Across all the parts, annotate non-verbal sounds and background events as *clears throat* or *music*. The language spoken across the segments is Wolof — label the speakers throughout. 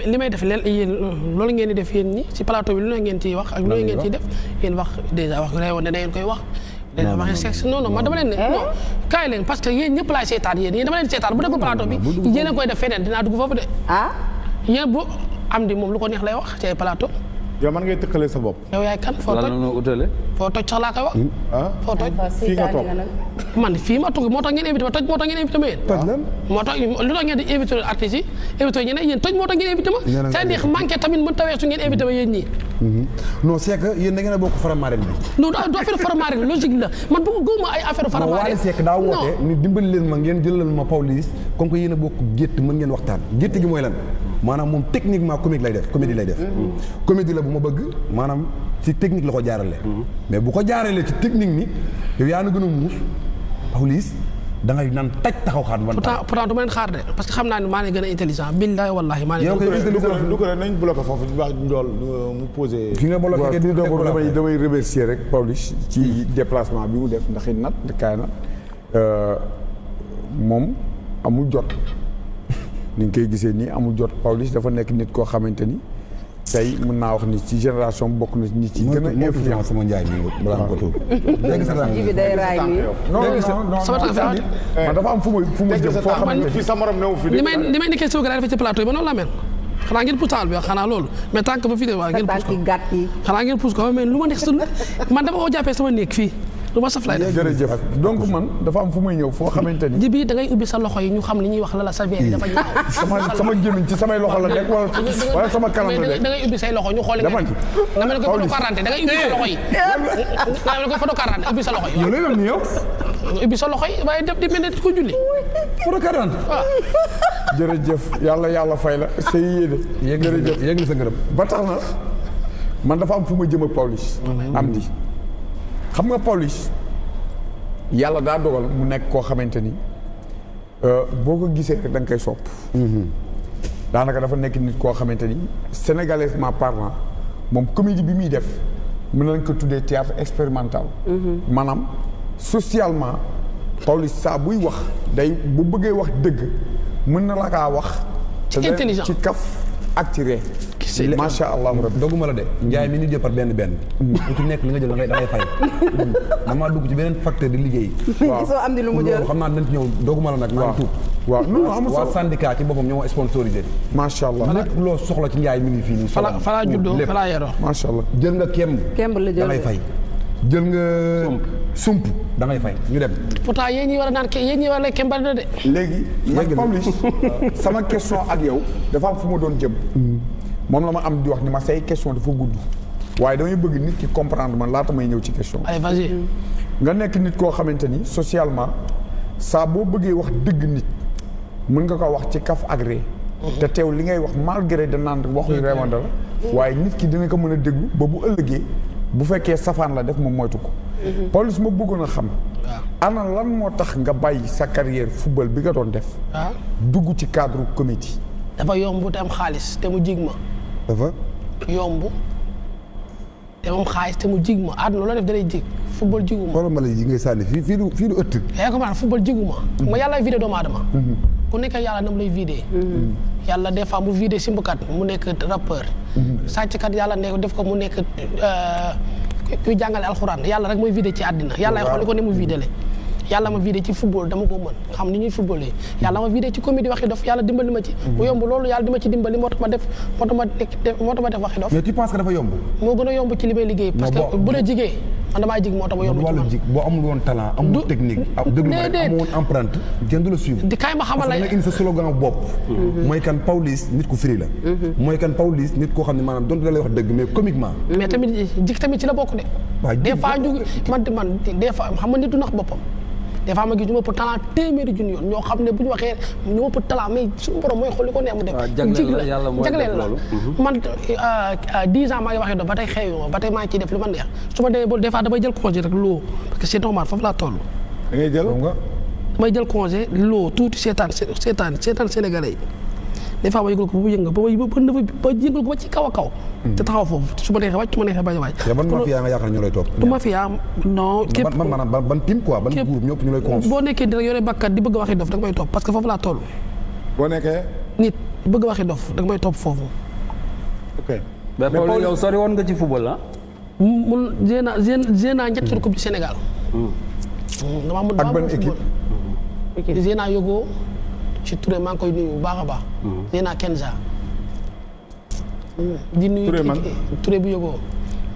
Speaker 1: li may def leen yéen loolu ngeen def yéen ñi ci plateau bi lu ne ngeen ciy wax ak lu ne ngeen ciy def yéen wax dèjà wax reewoon dana ngeen koy wax dana leen ne eh? non kaay leen parce que yéen ñëpp laay seetaan yéen yéen dama leen seetaan bu nekkul plateau bi yéen a koy def feneen dinaa dugg foofu de ah bu am di moom lu ko neex lay wax ci plateau
Speaker 2: yow man ngay tëkkale sa bopp.
Speaker 1: yow yaay kan foo
Speaker 2: toj
Speaker 1: foo toj sax laa koy wax. Hmm? Ah? foo toj fii nga toog man fii ma toog moo tax ngeen invité toj tax ngeen invité ma yéen. toj lan moo tax lu tax ngeen di invité artistes yi invité ñeneen yéen toj moo tax ngeen invité ma.
Speaker 2: c'est-à-dire
Speaker 1: tamit mën tawee su ngeen invité ma yéen ñii.
Speaker 2: Hmm. non c'est que a bokk faramareen bi.
Speaker 1: non du affaire faramareen logique la man bëgg gëwuma ay affaire faramareen. non Wally Seck daa woote
Speaker 2: ni dimbali ma ngeen jëlal ma Pawlish comme que yéen a bokk gétt mën ngeen waxtaan gétt maanaam moom techniquement comique lay def comédie lay def. Mm-hmm. Mm-hmm. comédie la bu ma bëgg maanaam ci technique la ko jaarale. Mm-hmm. mais bu ko jaarale ci technique ni yow yaa na gën a muus Pawlish da ngay naan taj taxaw xaar. man pourtant
Speaker 1: pourtant du ma leen xaar de parce que xam naa ne maa ngi gën a intelligent billahi wallahi maa ngi. yow a
Speaker 2: ko nañ bloqué foofu bu baax njool mu posé. damay remercier rek Pawlish ci déplacement bi mu def ndax i nat kaay na euh, moom amul jot. ni nga koy gisee nii amul jot Pawlish dafa nekk nit koo xamante ni tey mën naa wax ni ci génération bokk na nit ci gën a influence sama njaay mi balaa ko tuub
Speaker 3: léegi sa tànk bi day
Speaker 2: dafa am fu ma fu ma jëm foo xamante ni sa morom fi li may
Speaker 1: nekkee si gara defee ci plateau ba noonu la mel xanaa ngeen pousse taal bi xanaa loolu mais tànk ba fi xanaa ngeen pousse ko ma nekk su
Speaker 2: man dama ko jàppee sama néeg fii lu ma saf lay def jërëjëf donc man dafa am fu may ñëw foo xamante ni.
Speaker 1: jibi da ngay ubbi sa loxo yi ñu xam li ñuy wax la la sa veer sama sama
Speaker 2: gémmiñ ci samay loxo la nekk wala wala sama kanam la
Speaker 1: loxo ñu xooli. dama ci nga ko photo quarante da ngay ubbi sa loxo eh, sa loxo yi. yow lay sa loxo yi waaye def di mel ne ko
Speaker 2: julli. photo quarante. waaw. Ah. yàlla yàlla fay la say yéene. jërëjëf yéeg sa ngërëm ba tax na man dafa am fu ma jëm ak Pawlish am di xam nga Pawlish yàlla daa dogal mu nekk koo xamante ni euh, boo ko gisee rek da nga koy sopp mhm. daanaka dafa nekk nit koo xamante ni sénégalaisement parlant moom comédie bi muy def mën nañ ko tuddee théâtre expérimental mhm. maanaam socialement Pawlish saa buy wax day bu bëggee wax dëgg mën na la kaa wax ci intelligent ci kaf ak ci ree macha allah rabbi doguma la de njaay mi ñu jëppar benn benn bu mm. ci nekk li nga jël dangay dangay fay *laughs* damaa dugg ci beneen facteur di liggéey *laughs* waaw soo am naa nañ ci ñëw doguma la nag maa ngi tuub waaw non amul waa syndicat ci boppam ñoo sponsorisé macha allah lépp loo soxla ci njaay mi ngi fii nii falaa juddoo falaa yaroo macha allah jël nga kemb kemb la jël dangay fay jël nga. sump da ngay fay ñu dem.
Speaker 1: pourtant yéen ñi war a naan ñi war a lekk mbali na de.
Speaker 2: léegi man Pawlish euh, sama question ak yow dafa am fu ma doon jëm. moom la ma am di wax ni ma say question dafa gudd. waaye damay bëgg nit ki comprendre man laata may ñëw ci question. allez nga nekk nit koo xamante ni socialement saa boo bëggee wax dëgg nit mën nga ko wax ci kaf ak te teew li ngay wax malgré de naan waxuñu reewante la. Mm-hmm. waaye nit ki dina ko mën a déglu ba bu ëllëgee. bu fekkee safaan la def moom moytu ko. Pawlish ma bëggoon a xam. ana lan moo tax nga bàyyi sa carrière football bi nga doon def. Ah. dugg ci cadre comité.
Speaker 1: dafa yomb te am xaalis te mu jig ma. dafa. yomb te moom xaalis te mu jig ma àdduna la def dalay jig football jigu ma. xoolal
Speaker 2: ma ji ngay sànni fii fii du fii du ëtt.
Speaker 1: yaa ngi ko maanaam football jigu ma. Mm-hmm. ma yàlla vidéo doomu adama mm-hmm. ku nekk yàlla mu lay vidé. Mm-hmm. yàlla des fois mu vidé simbukat mu nekk rappeur. Mm-hmm. sàcckat yàlla ne def ko mu nekk euh, kuy jàngale alxuraan yàlla rek mooy vidé ci àddina. yàlla ay xool ko ni mu vidé le yàlla ma vidé ci football dama ko mën xam ni ñuy footballé yàlla ma vidé ci comédie waxi dof yàlla dimbali ma ci mu mhm. yomb loolu yàlla di ma ci dimbali moo tax ma def moo tax ma def moo
Speaker 2: dof
Speaker 1: a yomb ci li may liggéey parce que bu la jigee man ma yomb
Speaker 2: ci wàllu ah, mhm. mhm. xam
Speaker 1: ne tamit jig tamit ci la bokk de des fois ñu man man des fois xam nga nit du nax boppam des fois ma gis ñu ëpp talent téeméeri junni yoon ñoo xam ne bu ñu waxee ñu ëpp talent mais suñu borom mooy xool li ko neex mu def jagleel la mhm. man euh, euh, dix ans maa ngi waxee doon ba tey xeeyu ma ba tey maa ngi ciy def lu ma neex su ma demee ba des fois damay jël congé rek loo parce que c'est normal foofu laa toll da ngay jël jël congé loo tuuti seetaan seetaan seetaan sénégalais yi des fois ma yëgal ko ba yënga ba ba yëgal ko ba ci a kaw hmm. te taxaw foofu su ma neexee wàcc su a wàcc ban mafia nga yaakaar ne may topp parce que foofu laa toll boo nekkee nit bëgg a waxi dof da nga may topp foofu
Speaker 4: ok mais Paul yow sori woon nga ci football ah
Speaker 1: mun gén gén naa ñetti hmm. coupe du Sénégal hmm. damaa mun ak ci Touré maa ngi koy nuyu bu baax a baax. Mm-hmm. nee naa Kenza. di nuyu Touré man bu yóbboo.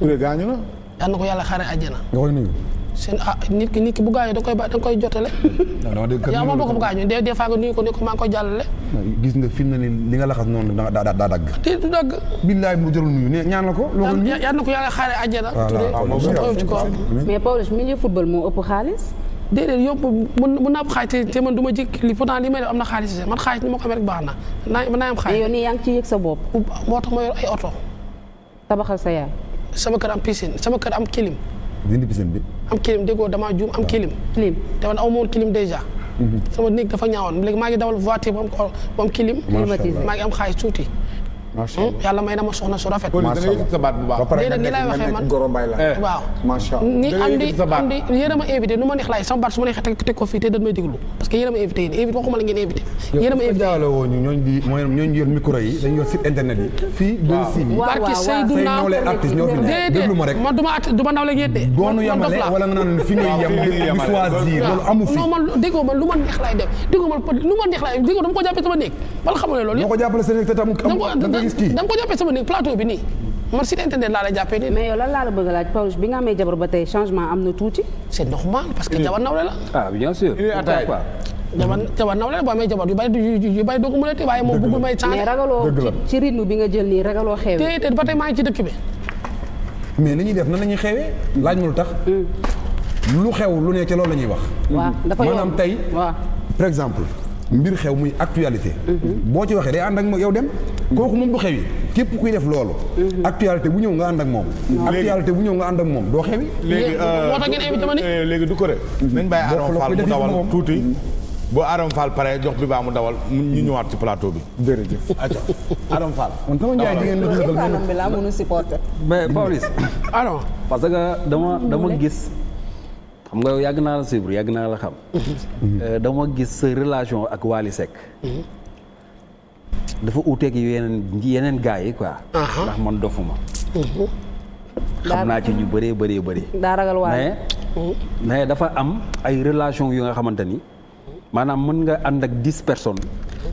Speaker 1: Touré gaañu na. yal na ko yàlla xaaree àjjana. nga koy nuyu. seen ah nit ki ki bu gaañoo da koy ba koy jotale.
Speaker 2: *laughs* non non yaa ma bokk bu
Speaker 1: gaañoo des des fois nga nuyu ko ne ko maa
Speaker 2: mu ne li nga laxas noonu la daa daa dagg. te du dagg. billaay mu jarul nuyu ñaan ko.
Speaker 1: loolu nuyu yal na ko yàlla xaaree àjjana. waaw waaw moom ci ko football moo ëpp xaalis. déedéet yóbbu mën naa am xaalis te man du ma jëkk li pourtant li may def am na xaalis man xaalis ni ma ko amee rek baax na naa mën naa am xaalis. yow nii yaa ngi ci yëg sa bopp. moo tax ma yor ay oto. tabaxal sa yaay. sama kër am piscine sama kër am kilim. dindi piscine bi. am kilim déggoo damaa juum am kilim. kilim te man aw ma woon kilim déjà. Mhm. sama néeg dafa ñaawoon léegi maa ngi dawal voiture ba am kilim. maa ngi am xaalis tuuti. macha allah hmm? yàlla may dama soxna su rafet. macha allah sa baat bu baax. déedéet eh, ni lay waxee man waaw. macha allah am di am a ma invité nu ma neex sama baat su ma neexee te dañ may déglu
Speaker 2: a ma invité yéen a ma invité yow ma rek.
Speaker 1: man ma at du ma nawle ngeen
Speaker 2: de. doonu yamale wala nga naan fi ngay yam di choisir loolu amu fi.
Speaker 1: non man déggoo man lu ma neex laay def déggoo man lu ma neex laay def déggoo dama ko jàppee sama néeg man xamul ne loolu yëpp. gis
Speaker 4: kii
Speaker 3: da nga ko jàppee sama néeg plateau bi nii man site internet laa la jàppee nii. mais yow lan laa la bëgg a laaj Pawlish bi nga amee jabar ba tey changement am na tuuti. c' est normal parce que jabar nawle la.
Speaker 4: ah bien eh, la
Speaker 1: boo amee jabar yu bari yu a téye waaye moom bëggul may. changé mais ci rythme bi
Speaker 3: nga jël nii ragaloo xeewee. déedéet ba tey maa ngi ci dëkk bi.
Speaker 2: mais li ñuy def nan ñuy xeewee laaj ma lu tax. Hmm. lu xew lu nekk loolu la ñuy wax. waaw dafa yow maanaam tey. par mbir xew muy actualité. boo ci waxee day ànd ak yow dem. kooku moom du xewi képp kuy def loolu. actualité bu ñëw nga ànd ak moom. actualité bu ñëw nga ànd ak moom doo xewi. léegi euh, moo euh, léegi du ko rek. Mm-hmm. nañ bàyyi Aram Fall mm-hmm. mu dawal tuuti. boo Aram Fall jox bi baa mu dawal ñu ñëwaat ci plateau bi. jërëjëf atiwa Aram Fall. kon
Speaker 4: sama njaay jigéen la dundal noonu mais Pawlish. alors *coughs* *coughs* parce que dama gis. xam nga yàgg naa la suivre yàgg naa la xam. Euh, dama gis sa relation ak Wally Seck. dafa uuteeg yeneen yeneen gars yi quoi. Uh-huh. ndax man dofuma. Uh-huh. xam naa ci ñu bëree bëree bëri.
Speaker 3: daa ragal waaye.
Speaker 4: Uh-huh. mais dafa am ay relation yu nga xamante ni maanaam mën nga ànd ak dix personnes.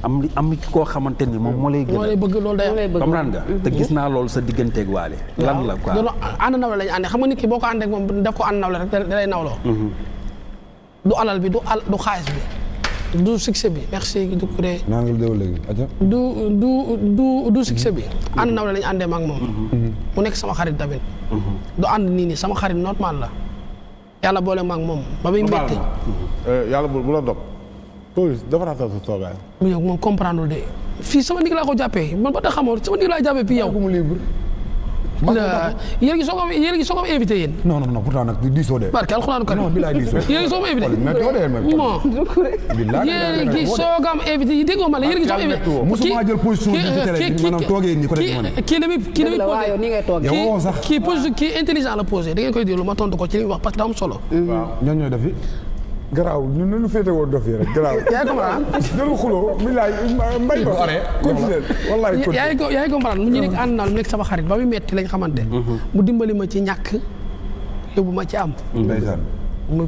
Speaker 4: am li am koo xamante ni moom moo lay. gën a
Speaker 1: bëgg loolu day comprendre te gis
Speaker 4: naa lool sa digganteeg waale. lan la quoi
Speaker 1: ànd nawle lañu àndee xam nga nit ki boo ko àndee moom def ko ànd nawle rek da mhm. du alal bi du al du xaalis
Speaker 2: bi.
Speaker 1: bi merci du kuré.
Speaker 2: naa ngi déw léegi du
Speaker 1: du du du bi. Mhm. ànd nawle lañu àndee ma ak moom. Mhm. mu nekk sama xarit tamit. du ànd nii nii sama xarit normal la. yàlla boole ma moom. ba muy métti.
Speaker 2: Eh, yàlla bu la dog. Pawlish defaratal sa toogaay.
Speaker 1: mu yow moom comprendre de fii sama ndig laa ko jàppee man ba tax xamoo sama ndig laa jàppee fii yow. maa
Speaker 2: ngi barke alxuraanu karim non ma la
Speaker 1: yéen a ngi soog a invité. musuma jël position ci télé bi maanaam toogee ko def ma
Speaker 2: tontu ko ci li mu wax parce solo. garaaw ñun nañu féete woo dof yi rek garaaw. *laughs* yaa ngi comprendre. dañu xuloo bilaay mbay ba. continué wallaay continué. yaa ngi
Speaker 1: yaa ngi comprendre mu ñu nekk ànd naa lu nekk sama xarit ba muy metti lañ xamante. Mhm. mu dimbali ma ci ñàkk yóbbu ma ci am. Mhm. ndeysaan.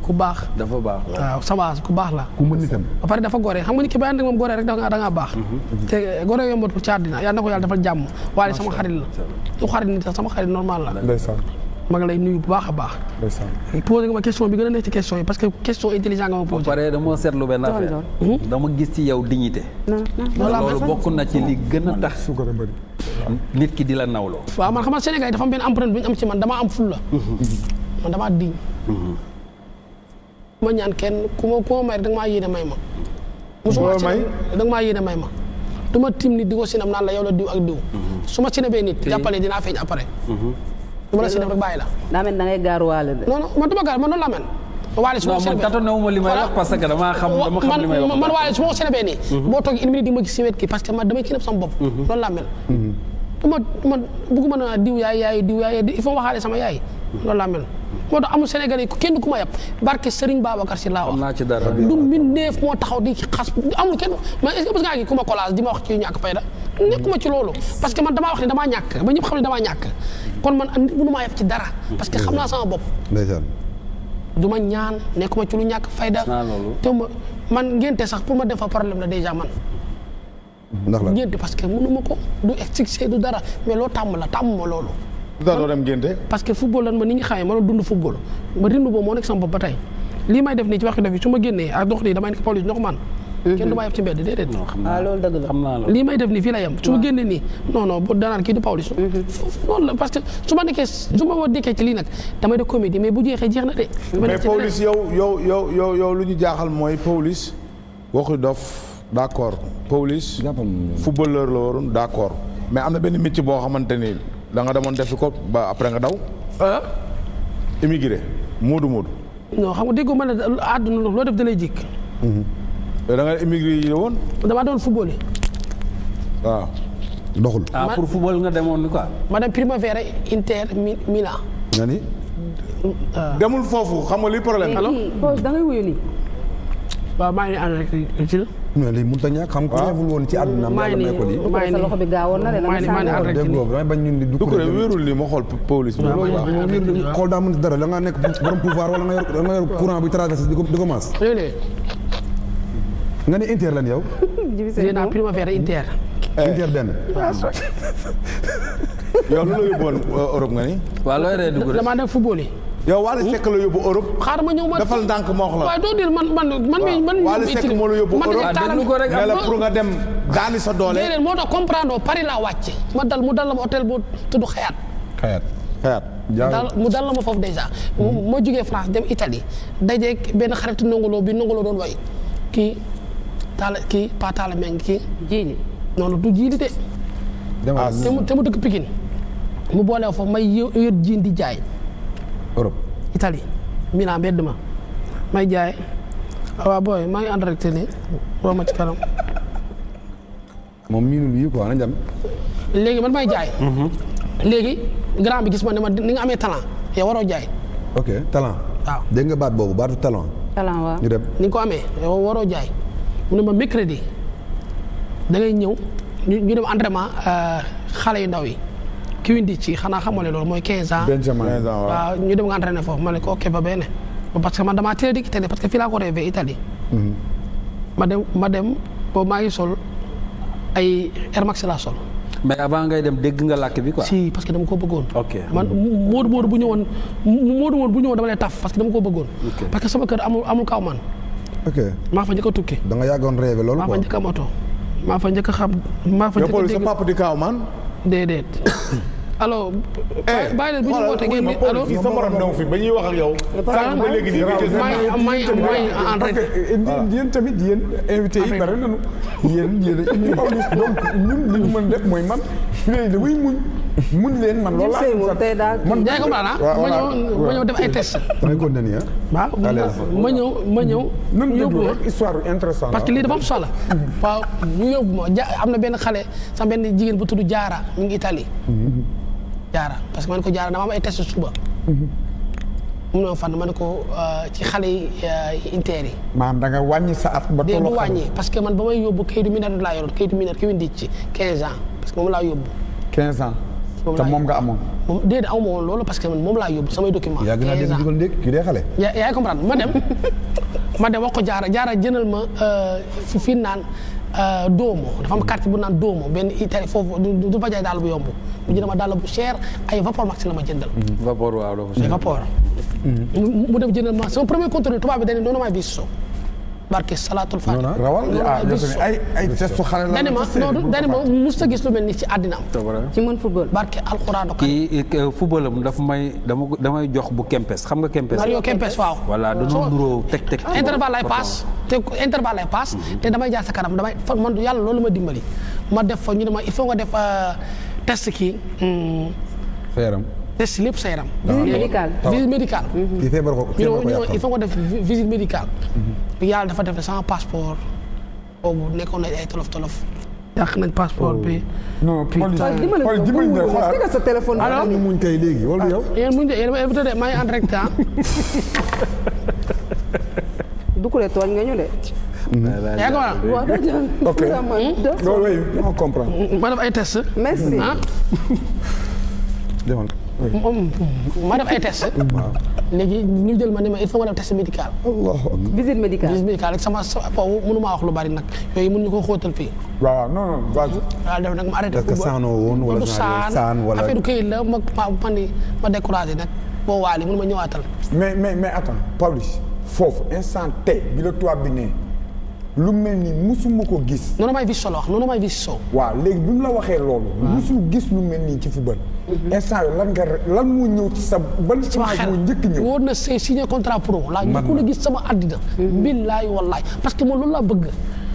Speaker 1: ku baax. dafa baax waaw sabaas ku baax la. ku mën itam. ba pare dafa gore xam nga ni ki a na baax. Mhm. te àddina yàlla na ko yàlla defal jàmm. waaye sama xarit la. du xarit nit sama xarit normal la. ndeysaan. ma ngi lay nuyu bu baax a baax. posé nga ma question bi gën a nekk ci question yi parce que question intelligent nga ma posé. ba
Speaker 4: pare dama seetlu benn hmm? gis ci yow dignité. loolu bokk na ci li gën a tax. nit ki di la nawloo.
Speaker 1: waaw man xam nga dafa am benn am ci man damaa am fulla mhm. man damaa diñ. Mhm. ma ñaan kenn ku ma da nga maa may ma. musuma ci da nga maa may ma. du ma tim nit di ko sinam naan la yow la diw ak mhm. su ma sinabee nit jàppale dinaa feeñ après.
Speaker 3: ma la si def rek bàyyi la. daa mel da ngay gaaruwaale de. non non man dama gaar man noonu laa mel.
Speaker 1: waale su ma wax li may wax que dama xam dama xam waale su ma wax seen nii. Mhm. boo toog une minute di ma gis ki parce que man damay kii sama bopp. Mhm. loolu laa mel. Mhm. man diw yaay yaay diw yaay il faut waxaale sama yaay loolu laa moo tax amul Sénégalais yi kenn ku ma yab barke Serigne Babacar si laa wax du mbindeef moo taxaw di xas amul kenn mais est ku ma collage di ma wax ci ñàkk fayda nekkuma ci loolu parce que man damaa wax ne damaa ñàkk ba ñëpp xam kon man nit mënu maa yab dara parce que xam naa sama bopp du ma ñaan nekku ma ci lu ñàkk fayda te ma man ngénte sax pour ma def fa problème la déjà man ndax la ngénte parce que ma ko du expliquer du dara mais loo tàmm la tàmm ma loolu daa doo dem parce que football lan ma ni ñu xaayee ma doon dund football ma dund boobu moo nekk sama bopp ba lii may def nii ma génnee ak dox nii damay nekk mhm.
Speaker 4: ma ah,
Speaker 1: def nii fii la yem su ma génnee nii non non danaan kii du Pawlish mhm. parce que su ma nekkee su ma nekkee ci lii nag damay def comédie mais bu jeexee jeex na de mais Pawlish
Speaker 2: yow yow yow yow yow lu ñu jaaxal mooy Pawlish waxu dof d'accord Pawlish footballeur la waroon d'accord mais am na benn métier boo xamante ni da nga demoon defi ko ba après nga daw. ah. immigré Moodu Moodu.
Speaker 1: xam nga déggoo ma ne àdduna loo def dalay jikk
Speaker 2: mhm. da
Speaker 4: nga immigré yi woon.
Speaker 1: damaa doon football yi.
Speaker 4: Ah. waaw doxul. Ah, pour football nga demoon quoi.
Speaker 1: ma dem Primavera Inter Milan.
Speaker 4: nga ni.
Speaker 2: Ah. demul foofu xam nga li problème.
Speaker 3: alors da ngay nii.
Speaker 2: waaw maa ngi ànd rek ci mais lii mënut a ñàkk xam ku neeful ci àdduna am yàlla may na
Speaker 3: de dama saa rek dégg
Speaker 2: nga bañ ñun di dugg rek wéerul lii ma xool police bi xool bi traversé di ko di ko maas nga ne inter lan yow
Speaker 1: *laughs* naa primavera inter
Speaker 2: eh. inter benn yow lu la yóbboon euh, Europe nga ni waaw looy ree dugg rek dama def football yi yow Wally Seck la yóbbu Europe. xaar ma ñëw ma defal ndànk ma wax la. waaw
Speaker 1: doo dir man man man mii man Wally Seck moo la yóbbu Europe ne la pour nga dem
Speaker 2: daani sa doole. déedéet
Speaker 1: moo tax comprendre dal mu dal la ma hôtel bu tudd Xayaat.
Speaker 2: Xayaat Xayaat. daal
Speaker 1: mu dal la ma foofu déjà. moo hmm. jugee France dem Italie dajeeg benn xaritu nongolo bi nongolo doon way ki taala ki pas taala meng kii. jiili noonu du jiili de. Ah, te mu dëkk Pikine mu boole foofu may yë yët jiin di jaay. Europe. Italie Milan mbedd ma may jaay ah, waaw booy maa ngi ànd rek te nii woo ma ci kanam.
Speaker 2: *laughs* moom miinul yi quoi man may jaay. Mhm.
Speaker 1: léegi grand bi gis ma ne ma ni nga amee talent yow waroo jaay.
Speaker 2: ok talent. waaw dégg nga baat boobu baatu talent. talent waaw
Speaker 1: ko amee yow waroo jaay mu ne ma mercredi da ngay ñëw ñu ñu dem entraînement euh, xale yu ndaw yi. kiwindi ci xanaa xamoo ne loolu mooy 15 ans. 15 ans waaw ñu dem nga entraîné foofu ma ne ko ok ba bene. parce que man damaa teel a dikk parce que fii laa ko rêvé Italie. Mhm. ma dem ma dem boobu maa ngi sol ay Air Max laa sol.
Speaker 4: mais avant ngay dem dégg nga làkk bi quoi. si parce que dama ko bëggoon. ok man
Speaker 1: mhm. Moodu Moodu bu ñëwoon Moodu Moodu bu ñëwoon dama lay taf parce que dama ko bëggoon. parce que sama kër amul amul kaw man. ok maa fa njëkk a tukki. da nga yàggoon rêvé loolu quoi maa fa njëkk a moto. fa njëkk a xam maa fa njëkk a dégg man.
Speaker 2: *coughs*
Speaker 1: allo. Eh, bàyyi leen bu ñu woote ngeen ne allo fii sa morom daw fi ba ñuy
Speaker 2: wax ak yow.
Speaker 3: sànq ba léegi nii nga jël may may en parce que
Speaker 2: ah. yéen tamit yéen invité yi bari nañu yéen yéen a *laughs* donc ñun li ñu mën def mooy man fi ne damay muñ muñ leen man loolu laa man jaay ko ma ñëw ma ñëw def ay test. da ngay continuer ah. ma ñëw ma ñëw. ñu yóbbu ma histoire intéressante parce que lii
Speaker 1: dafa am solo. waaw ñu yóbbu ma ja am na benn xale sama benn jigéen bu tudd Jaara mi ngi Italie mm-hmm. parce que man ko jaara dama am ay test
Speaker 3: mu
Speaker 1: ne ma fan ma ne ko euh, ci xale yi euh, inter yi.
Speaker 2: maanaam da ba tollu wàññi
Speaker 1: parce que man ba may yóbbu kayitu mineur laa yoroon kayitu mineur ki windi ci 15 ans parce que moom laa yóbbu. 15 moom nga amoon. moom déedéet amuma woon loolu parce que moom laa yóbbu samay document yaa a dee xale. yaa yaa ma dem *laughs* ma jaara jaara jënal ma euh, fi Euh, doomo dafa am quartier bu naan doomo benn itali foofu du fa jaay daal bu yomb mu jënd ma dàll bu cher ay vapor max a ma jëndal.
Speaker 4: Mm-hmm. vapor waaw vapor.
Speaker 1: Mm-hmm. mu dem jëndal ma sama premier contrôle tubaab bi dañ ne non non barke salaatul faatiha rawal ah, ay ma mës a gis lu mel ni ci àddina am ci mën football barke alxuraan
Speaker 4: kii eh, eh, football am daf may damay jox bu Kempes xam nga Kempes Mario Kempes waaw voilà dañoo nuroo teg teg intervalle lay paas
Speaker 1: te intervalle paas te damay jaar sa kanam damay man yàlla loolu ma dimbali ma def fa ñu ne ma il faut nga def euh, test kii feeram hmm. test lépp sa yaram. Ah, ah, visite médicale. kii mm-hmm. feebar ko ñu ne il faut def visite médicale.
Speaker 2: Mm-hmm.
Speaker 1: yàlla dafa def sans passeport. boobu nekkoon nañ ay tolof tolof. yàq nañ passeport bi. Oh. non Paul dimbali ñu xoolal sa
Speaker 2: téléphone. alors ñu muñ tey léegi wala ah, yow.
Speaker 1: muñ tey yéen ma invité de maa ngi en direct ah. *laughs*
Speaker 3: tooñ nga ñu de. Mm-hmm. yaa
Speaker 2: ngi *laughs*
Speaker 1: ma def ay test léegi ñu jël ma ne ma il faut ma def test médical visite médicale visite médicale rek sama boobu mënu maa wax lu bari nag yooyu mënuñu ko xóotal fii waaw non non waaw def ma arrêté parce que saanoo woon wala saan wala affaire këyit la ma ma ni ma découragé nag boo waale mënu ma ñëwaatal
Speaker 2: mais mais mais attends Pawlish foofu instant T bi la tubaab bi lu mel ni musuma ko gis. noonu may bis solo wax noonu may bis soo. waaw léegi bi mu la waxee loolu. musul gis lu mel nii ci football. Mhm. instant bi lan nga lan moo ñëw ci sa ban. sama xel moo njëkk ñëw. wóor na say signé contrat
Speaker 1: pro. laa ñu ko la gis sama àddina. Mhm. billaay wallaay parce que moom loolu laa bëgg.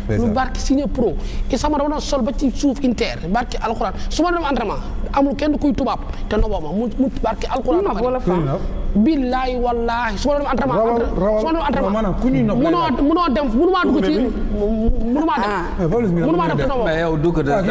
Speaker 1: lu barki signé pro et sama dama sol ba ci suuf inter barki alxuraan su ma dem entraînement amul kenn kuy tubaab te noboo ma mu barki alxuraan. billaay wallaahi su ma doon entraînement su ma doon entraînement maanaam ku ñuy nopp munoo munoo dem munumaa dugg ci
Speaker 2: munumaa dem ah.
Speaker 4: eh, munumaa dem ko mais yow du ko def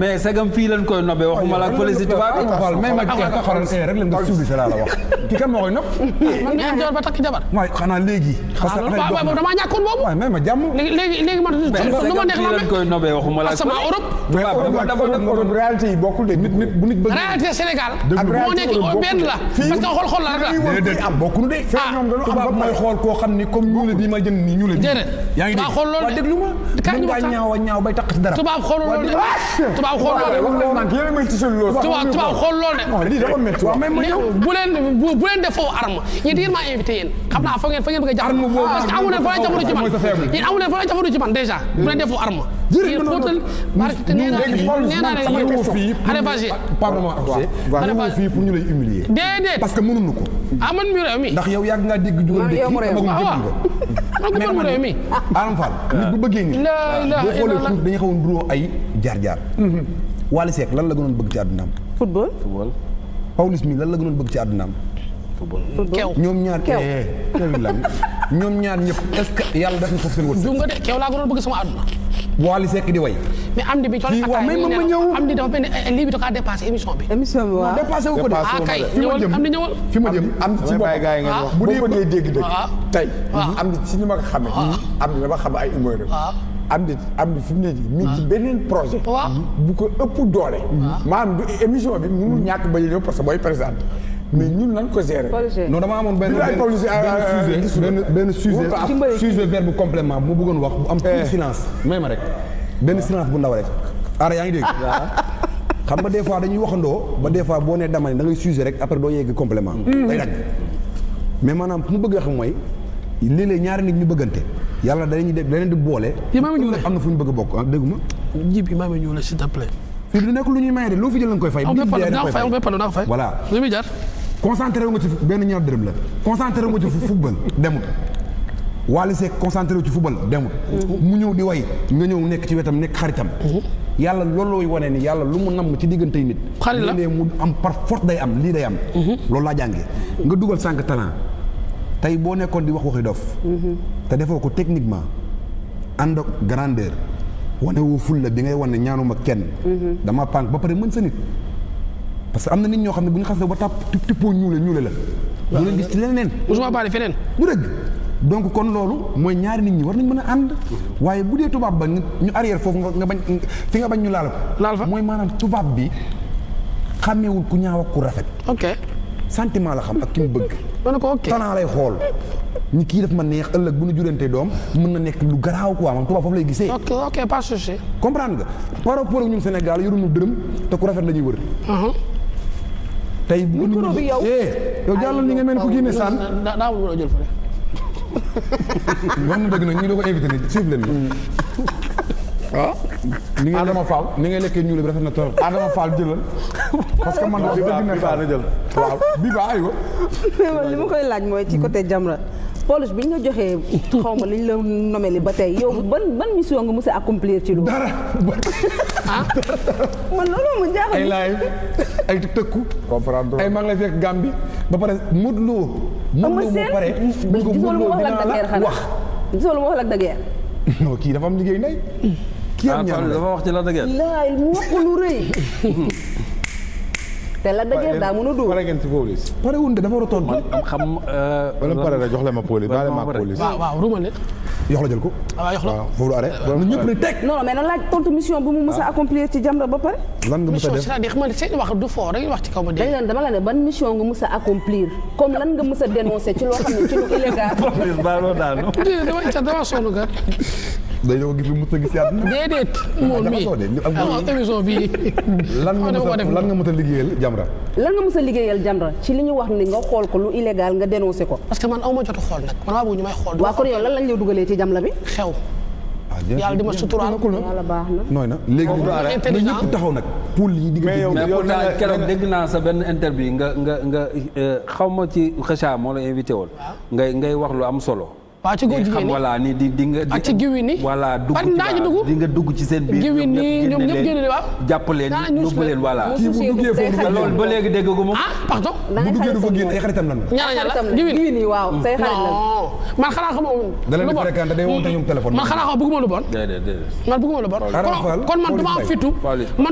Speaker 4: mais sagam fii lañ koy noppee waxuma la police tubaab bi mais ma taxawal rek leen nga suubi sa la wax
Speaker 2: ki kan moo koy nopp *laughs* man nga am jabar ba takk jabar waaw xanaa léegi parce que waaw damaa ñàkkoon boobu mais ma jàmm léegi léegi ma lu ma neex la lañ koy noppee waxuma la sama Europe réalité yi bokkul de nit nit bu nit bëgg réalité Sénégal moo nekk benn la parce que xool xool la déedéet am bokkunu de. ah tubaab mooy xool koo xam ni comme ñu ma jënd nii ñu la bii. yaa ngi dégg waaw déglu ma. a ñaaw bay tax si dara. tubaab xool loolu de. tubaab xool loolu de. tubaab tubaab xool loolu de. waaw mais ma
Speaker 1: leen bu leen def foofu arme yéen di ngeen maa invité yéen xam naa fa ngeen fa ngeen bëgg a jaxal ah, parce que amu leen fa la jamono ci man yéen amu leen fa jërëjëf xóotal
Speaker 2: fii pour ñu lay humilier
Speaker 1: déedéet parce que mënuñu ko aman mi réew mi ndax yow
Speaker 2: yàgg ngaa dégg dugal dégg amagul
Speaker 1: mu réew mi ah,
Speaker 2: bu bëggee nii boo xoolee tuuti dañu xawoon duroo ay jaar-jaar mhm. Wally Seck lan la gënoon bëgg ci àddunaam football Pawlish mi lan la gënoon bëgg ci àddunaam kew ñoom ñaar kew eh, kew lan ñoom ñaar ñëpp est-ce que yàlla def na foofu seen
Speaker 1: wër kew laa gënoon bëgg sama àdduna
Speaker 2: bu Wally Seck di way.
Speaker 1: mais Amady bi bi ma xa Amady eh, lii bi da kaa
Speaker 3: émission bi. émission bi waaw dépassé wu ko de. Ah, am
Speaker 2: ci boppam gars yi ngeen ah. ah. am ci ni ma ko xamee am dama xam ay humeur am am di fi ne nii. mi ci beneen projet. bu ko ëpp doole. maanaam émission bi mënul ñàkk ba ñëw parce que booy présenté. mais ñun lan ko gérer. non dama amoon benn benn ah, ah, ah, benn sujet sujet verbe complément bu ma bëggoon wax bu am eh. tout silence may ma rek benn silence bu ndaw rek aara yaa ngi dégg *laughs* xam nga des fois dañuy waxandoo ba des fois boo nee dama ne da ngay rek après doo yegg complément mm. day mais maanaam fu mu bëgg a xam mooy léeg-léeg ñaari nit ñu bëggante yàlla dañuy def dañu boole am na fu ñu bëgg a bokk déggu ma la s'il te plaît fii du nekk lu ñuy maye de loo fi jël lañ koy fay. am nga fay am nga fay concentré wu nga ci benn ñaar dërëm la concentré wu nga ci football demul Wally Seck concentré wu ci football demul mu ñëw di way nga ñëw nekk ci wetam nekk xaritam yàlla loolu lay wane yàlla lu mu namm ci diggante nit xarit la am par force day am lii day am loolu laa jàngee nga dugal sànq talent tey boo nekkoon di wax waxi dof te defoo ko techniquement ànd ak grandeur wane wu ful la bi ngay wane ñaanuma kenn dama pànk ba pare mën sa nit parce que am na nit ñoo xam ne bu ñu xasee ne tàpp tip tippoo ñuule ñuule la. waaw leen gis ci leneen. Ousmane Bari feneen. bu rëgg donc kon loolu mooy ñaari nit ñi war nañ mën a ànd. waaye bu dee tubaab ba ñu arrière foofu nga bañ fi nga bañ ñu laal ko. laal fa mooy maanaam tubaab bi xàmmeewul ku ñaaw ak ku rafet. ok sentiment la xam ak ki mu bëgg. ma ne ko ok lay xool. ñi kii daf ma neex ëllëg bu nu jurante doom mën na nekk lu garaaw quoi moom tubaab foofu lay gisee. ok ok pas chercher. comprendre nga par rapport ak ñun Sénégal te ku rafet la ñuy wër. Uh-huh. tey micro bi yow eh, yow jàllal ñi nga mel ku génne sànn
Speaker 1: naa wul jël fa
Speaker 2: wax na dëgg nag ñu ngi doon ko invité nii suuf leen ah? ni ngay Adama Fall ni ngay lekkee bi rafet na trop Adama Fall jëlal parce que man. dëgg na jël waaw
Speaker 3: *laughs* li ma koy laaj mooy ci côté Jamra Pawlish bi ñu la joxee xaw ma li ñu la nomeli ba tey yow ban ban mission nga mës a accomplir ci loolu. dara *laughs* ah man loolu mu jaaxal. ay live
Speaker 2: ay tëkku. comprendre ay maa ngi lay fekk Gambie ba pare Modou Lo. Modou Lo bu pare bu ko Modou Lo la wax.
Speaker 3: gisoo lu wax la ak dageer. non kii dafa am liggéey nay.
Speaker 2: kii am ah, ñaar dafa wax ci la dageer.
Speaker 3: laay mu wax lu rëy. *laughs* te la
Speaker 1: dajeel
Speaker 2: daa mën a dugg. pare ngeen dafa war a tontu. man xam. wala euh, pare la ma police baale ma police.
Speaker 3: waaw
Speaker 2: jël ko. Ah, foofu la arrêt.
Speaker 3: waaw laaj tontu mission bu mu mës a ah. accomplir ci Jamra ba pare. lan nga mës a def mission cest à man seen wax du fort dañuy wax ci kaw a accomplir a loo xam ne ci lu
Speaker 1: illégal. *laughs*
Speaker 2: police baaloo daanu. dama sonn nga dañoo gis lu mës a gis si àdduna. déedéet
Speaker 1: moom mii
Speaker 3: ak émission bii.
Speaker 2: lan nga mës a liggéeyal Jamra.
Speaker 3: lan nga mës a liggéeyal Jamra ci li ñu wax ni nga xool ko lu illégal nga dénoncé ko. parce que man aw ma jot a xool nag man maa bëgg ñu may xool. waaw kon yow lan lañ lay dugalee ci Jamra bi. xew.
Speaker 2: Ah, yàlla di ma suturaal yàlla baax na. nooy na léegi nag ñëpp
Speaker 4: taxaw dégg naa sa benn interview nga nga nga euh, xaw ma ci xëcaa moo la invité woon. ngay ngay wax lu am solo. waaw ci góor jigéen ñi voilà ni di di nga. ak ah, dugg ci seen biir. giwi ni ñoom ñëpp génne waaw jàpp leen ah, yóbbu leen voilà. kii bu duggee foofu dafa loolu ba léegi dégg ko moom. ah pardon bu duggee du fa génn ay xaritam lan.
Speaker 3: ñaar yàlla giwi
Speaker 1: ni waaw mm. say xarit man xanaa xamoo lu bon. man xanaa lu bon.
Speaker 4: déedéet
Speaker 2: man bëgguma lu
Speaker 1: bon. man dama am fitu man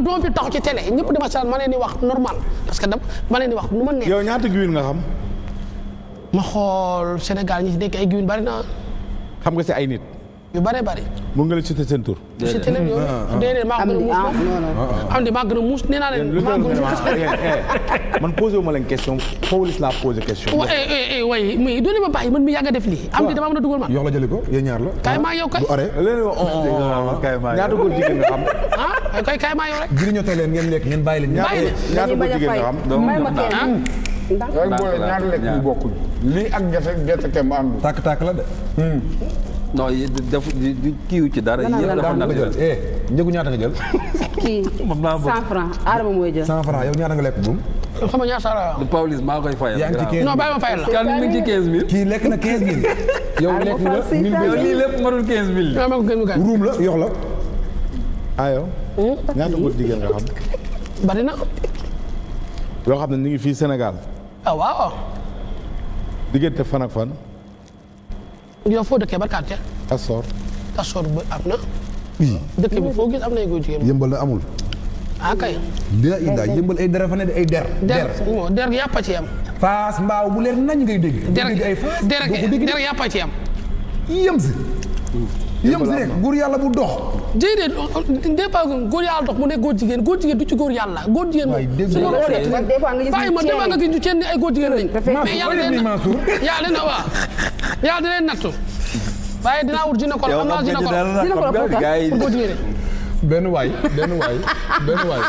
Speaker 1: ci télé ñëpp dama seetaan ma leen wax normal parce que dama leen wax nu ma neex
Speaker 2: yow ñaata giwin nga xam ma
Speaker 1: xool Sénégal ñi ci nekk ay giwin bari na xam nga ci ay nit. yu bare bari.
Speaker 2: mun nga leen cité seen tur. déedéet ah, ah. déedéet
Speaker 1: maa gën a muus ah, am di maa gën a muus nee naa leen maa gën a
Speaker 2: muus man posé wu ma leen question Pawlish laa posé question.
Speaker 1: way muy doole ma bàyyi man mi yàgg a def lii. am di dama mën a dugal ma. yoo
Speaker 2: la jëli ko yéen ñaar la. kay maa yow kay du ore. ñaata góor jigéen nga xam.
Speaker 1: ah kay kay maa yow rek.
Speaker 2: jëriñoo tey leen ngeen lekk ngeen bàyyi leen. ñaata góor jigéen nga xam. ndax boole lii ak gerte gerte kem tàkk tàkk la de. Hmm.
Speaker 4: non def kiiw ci dara yéen dafa na jël eh njëgu ñaata nga jël. *laughs* cent
Speaker 3: franc aadama mooy jël. cent franc yow ñaata nga lekk buum. xam la.
Speaker 4: du Pawlish maa koy fayal. yaa ngi ci 15000 non bàyyi ma fayal la. kan mi ngi ci 15000. kii lekk na 15000. *laughs* yow lekk nga 1000 lii lépp marul 15000.
Speaker 1: ruum la yox la. ayo hmm?
Speaker 2: ñaata góor jigéen nga xam. bari yoo xam ne ñu ngi fii Sénégal. ah waaw. diggante fan ak fan.
Speaker 1: yow foo dëkkee ban quartier. Castor. Castor ba am na.
Speaker 2: oui dëkk bi
Speaker 1: foo gis am na ay góor jigéen. yëmbal la amul. ah kay.
Speaker 2: la illa yëmbal ay dara ay der. der der yàpp ci yam. faas mbaaw bu leer nañ ngay dégg. der der yàpp ci yam. yem yëm si nekk góor
Speaker 1: yàlla bu mu ne góor jigéen góor jigéen du ci góor yàlla góor jigéen
Speaker 2: moom ma
Speaker 1: demaa nga gis ñu kenn ni ay góor jigéen lañ mais yàlla leen yàlla leen waa nattu waaye dinaa wut dina ko naa dina ko
Speaker 2: benn waay benn waay benn waay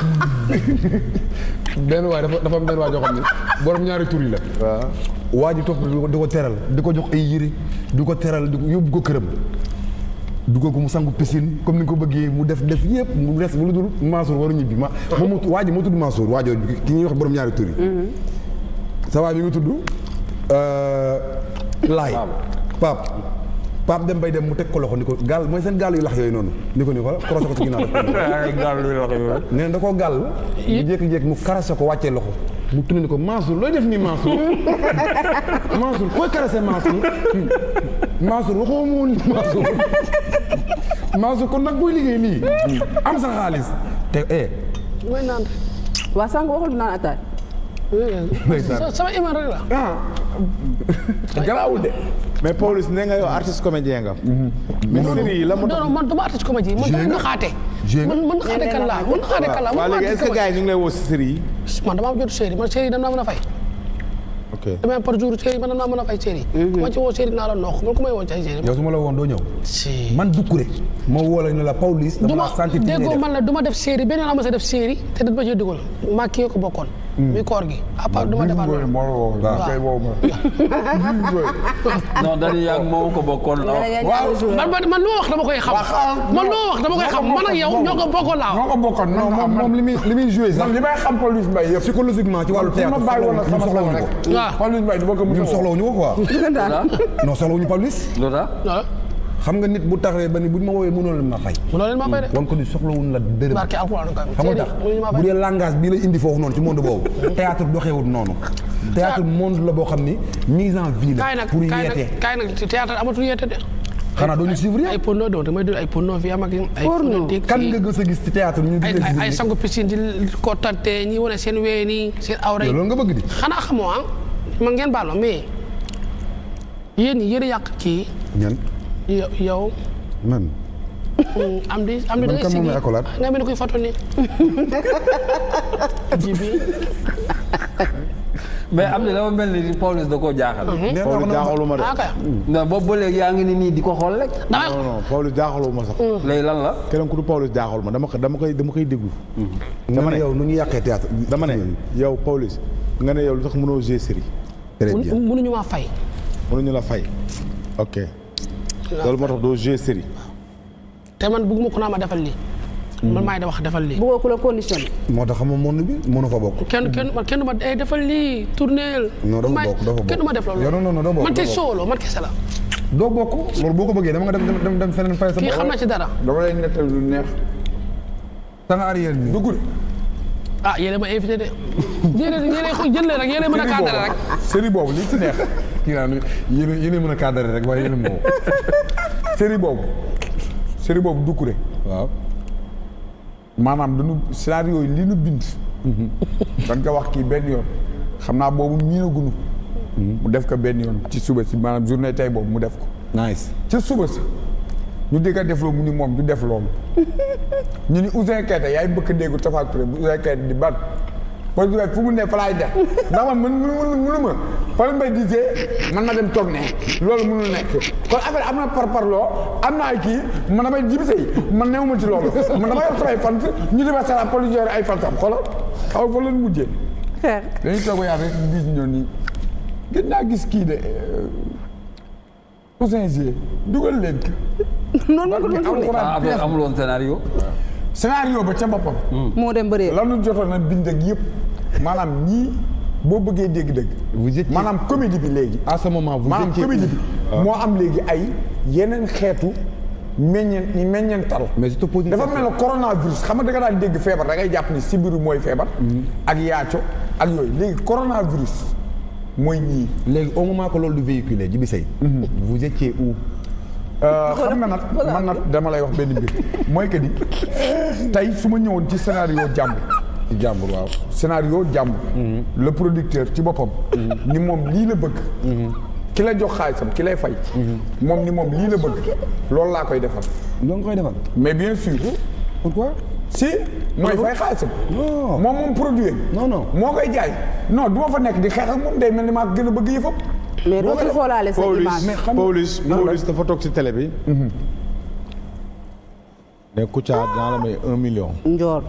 Speaker 2: benn waay dafa dafa am benn waay joo xam ne borom ñaari tur la. waaw waa ji di ko di teral di ko jox ay yére di ko teral di ko yóbbu këram. duggoo ko mu sangu piscine comme ni nga ko bëggee mu def def yëpp mu des ba lu dul Mansour waru ñibbi ma moom mu waa ji moo tudd Mansour waajoo ki ñuy wax borom ñaari tur mm-hmm. sa waay mi ngi tudd euh, laay Pape paam dem bay dem mu teg ko loxo ni ko gaal mooy seen gaal yu lax yooyu noonu ni ko ni ko croisé ko ci ginnaaw def *laughs* nee da koo gaal mu jékki-jékki mu ko wàccee loxo mu tudd ni ko Mansour looy def nii Mansour
Speaker 3: *laughs*
Speaker 2: Mansour koy caressé Mansour Mansour waxoo kon nag booy liggéey nii am sa xaalis te eh
Speaker 3: mooy naan waa sànq waxul naan ataay sama iman rek la ah.
Speaker 2: *laughs* garaawul de mais Pawlish ne nga yi mm-hmm. man
Speaker 1: du ma artiste comédien man damay naxaate. man man man naxaate kan laa. yi man damaa jot a fay. ok man damaa mën a fay série. Mm-hmm. ku woon ci ay série.
Speaker 2: yow su ma la woon doo ñëw. man Doucouré. ma woo la ne la Pawlish. dama
Speaker 1: def série benn la def série te dañ ma cee maa kii ko bokkoon Hmm. mi koor
Speaker 4: gi. à part duma defar loolu waaw *laughs* non dañuy yàgg moo ko bokkoon la. man man loo wax dama koy xam. man loo wax dama koy xam man ak yow ñoo ko
Speaker 2: bokkoon laa. ñoo ko bokkoon non moom moom li muy li muy joué sax. li may xam Pawlish Mbaye yëpp psychologiquement ci wàllu théâtre. ñun soxlawuñu ko. waaw ah. Pawlish Mbaye du ma ko ñun soxlawuñu ko quoi. non soxlawuñu Pawlish. loolu xam nga nit bu taxawee ba ni buñ ma woowee mënoo leen ma fay. mënoo leen ma fay de. wan ko ni soxlawuñ la dërëm. barke tax bu dee langage bii la indi foofu noonu ci monde boobu. *laughs* théâtre doxewut noonu. théâtre monde la boo xam ni mise en pour yeete kaay
Speaker 1: nag kaay nag théâtre amatul
Speaker 2: ñu suivre ay porno doon damay déglu ay porno fi
Speaker 1: a gis ci théâtre ñu di ay ay sangu piscine di ko tante ñi wane seen wee nii seen awra yi loolu nga bëgg di xanaa xamoo ah ma ngeen baal ma mais yàq kii yow. man. Mm, am di am di da ngay sigg nga mel ni kuy foto nii.
Speaker 3: *laughs* ji bi.
Speaker 4: mais mel ni Pawlish da koo jaaxal. Mhm. Pawlish ma de. Ah, mm. boobu ba yaa ngi ni nii di ko xool rek. non non Pawlish jaaxaluma sax. Mm.
Speaker 2: léegi lan la. keneen ku du Pawlish jaaxal ma dama dama koy dama koy déglu. Mm-hmm. dama ne yow nu ñu yàqee théâtre dama ne yow Pawlish nga ne yow lu tax mënoo jouer série. très bien
Speaker 1: mënuñu maa fay.
Speaker 2: mënuñu la fay ok. loolu moo tax doo jouer série.
Speaker 1: te man bëgguma ko naa ma defal lii. man maay da wax defal lii. bëggoo ku la
Speaker 2: moo tax xam nga monde bi mënu fa bokk. kenn kenn
Speaker 1: kenn du ma ay eh, defal lii tourneel. non dafa bokk dafa bokk kenn du ma def loolu. yow non non doo man tey sooloo man kese la.
Speaker 2: doo bokk loolu boo ko bëggee dama nga dem dem dem feneen fay sa. kii xam na ci dara. dama lay nettal lu neex. tànn arrière bi
Speaker 1: ah yéen ma invité de. yéen a yéen a jël leen rek yéen a
Speaker 2: boobu li ci neex. kii naan yéen yéen mën a cadré rek waaye yéen a moo boobu série boobu Doucouré waaw maanaam dañu scénario yi li nu bind mhm. dañ ko wax kii benn yoon xam naa boobu miinagunu mhm. mu def ko benn yoon ci suba si maanaam journée tay boobu mu def ko nice ci suba si ñu dégg a def loolu mu ni moom du def loolu *laughs* ñu ni Ouzin Keita yaay bëkk déggu Tapha Touré bu Ouzin Keita di bat Paul Diop fu mu ne fa laay def ndax man mën mënu ma Paul Mbaye Cissé man ma dem toog ne loolu mënul nekk kon affaire am na par parloo am na ay kii man damay jibisey man new ma ci loolu man damay yor samay fant ñu dima sara Paul Diop ay fantam xoolal xaw fa leen mujjee dañuy toog ba yàgg rek gis ñoo nii gën naa gis kii de euh, Ousseyn Sy dugal leen noonu la ko doon ah, amul
Speaker 4: woon scénario
Speaker 2: scénario ba ca boppam hmm. moo dem bëree la nu jotoon na bind ak yëpp maanaam ñii boo bëggee dégg-dégg. vous étiez maanaam comédie bi léegi. à ce moment vous maanaam comédie bi ah. moo am léegi ay yeneen xeetu meññeen ñi meññeental. mais je te pose dafa mel ne coronavirus xam nga da nga daan dégg feebar da jàpp ni sibiru mooy feebar. Mm-hmm. ak yaaco ak yooyu léegi coronavirus mooy ñii. léegi au moment que loolu du véhiculé Djiby Seye. Mm-hmm. vous étiez où. Euh, xam nga nag man nag dama lay wax benn mbir mooy que ni tey su ma ñëwoon ci scénario jàmbur. ci jàmbur waaw scénario jàmbur mhm. le producteur ci boppam mhm. ni moom lii la bëgg mhm. ki la jox xaalisam ki lay fay moom ni moom lii la bëgg loolu laa koy defal loo nga koy defal mais bi sûr si mooy fay xaalisam moom moom produit moo koy jaay non du fa nekk di xeex ak moom day mel ni maa gën a bëgg yëfam mais dootul xoolaale sa image mais xam dafa toog ci télé bi ne Kouthia dinaa la may un million njoor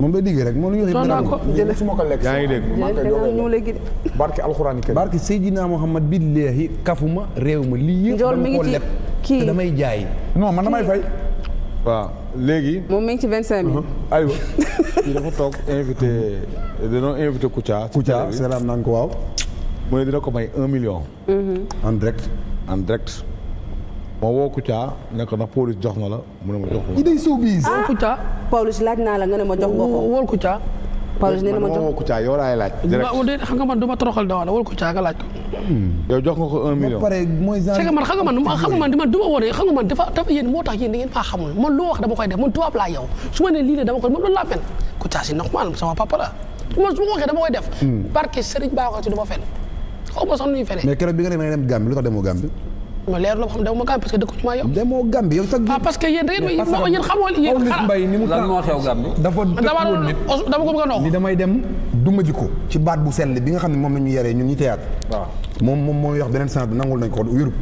Speaker 2: moom ba digg rek moom la ñu wax. non non su ma ko lekk. yaa ngi dégg barke alxuraan kër. barke Seydina Muhammad billahi kafuma réew ma lii yëpp. njool mi ngi ci kii damay jaay. non man damay fay. waaw léegi. moom mi ngi ci vingt cinq mille. Uh-huh. aywa *laughs* kii dafa toog invité dañoo invité Kouthia. Kouthia seeraam naa ko waaw. mu ne dina ko may un million. Mm-hmm. en direct en direct. ma woo Kouthia ne ko ndax police jox na la ma jox ko. yi
Speaker 3: day showbiz. laaj naa la nga ne ma jox ko ko. wol Kouthia. Pawlish nee na ma jox
Speaker 2: laaj. direct
Speaker 1: xam man du ma toroxal dawaana wol Kouthia nga laaj ko. Hmm.
Speaker 2: yow jox nga ko un million. ba pare
Speaker 1: mooy genre. ma wóoree da ngeen faa xamul man ma nee lii la dama koy man loolu laa mel Kouthia si normal sama papa la man su ma ko waxee dama koy def. Hmm. barke Serigne Ba waxati du ma fenn xaw sax nuy feneen. mais
Speaker 2: keroog bi nga demee dem Gambie lu tax demoo Gambie
Speaker 1: ma leer loo xam ne dama Gambie parce que dëkku ci maa yow. demoo Gambie yow ma ah,
Speaker 2: yéen ko damay dem duma ji ci baat bu sell bi nga xam ne moom la ñu yaree ñun ñu théâtre waaw moom moom moo yox beneen sens bi nangul nañ ko Europe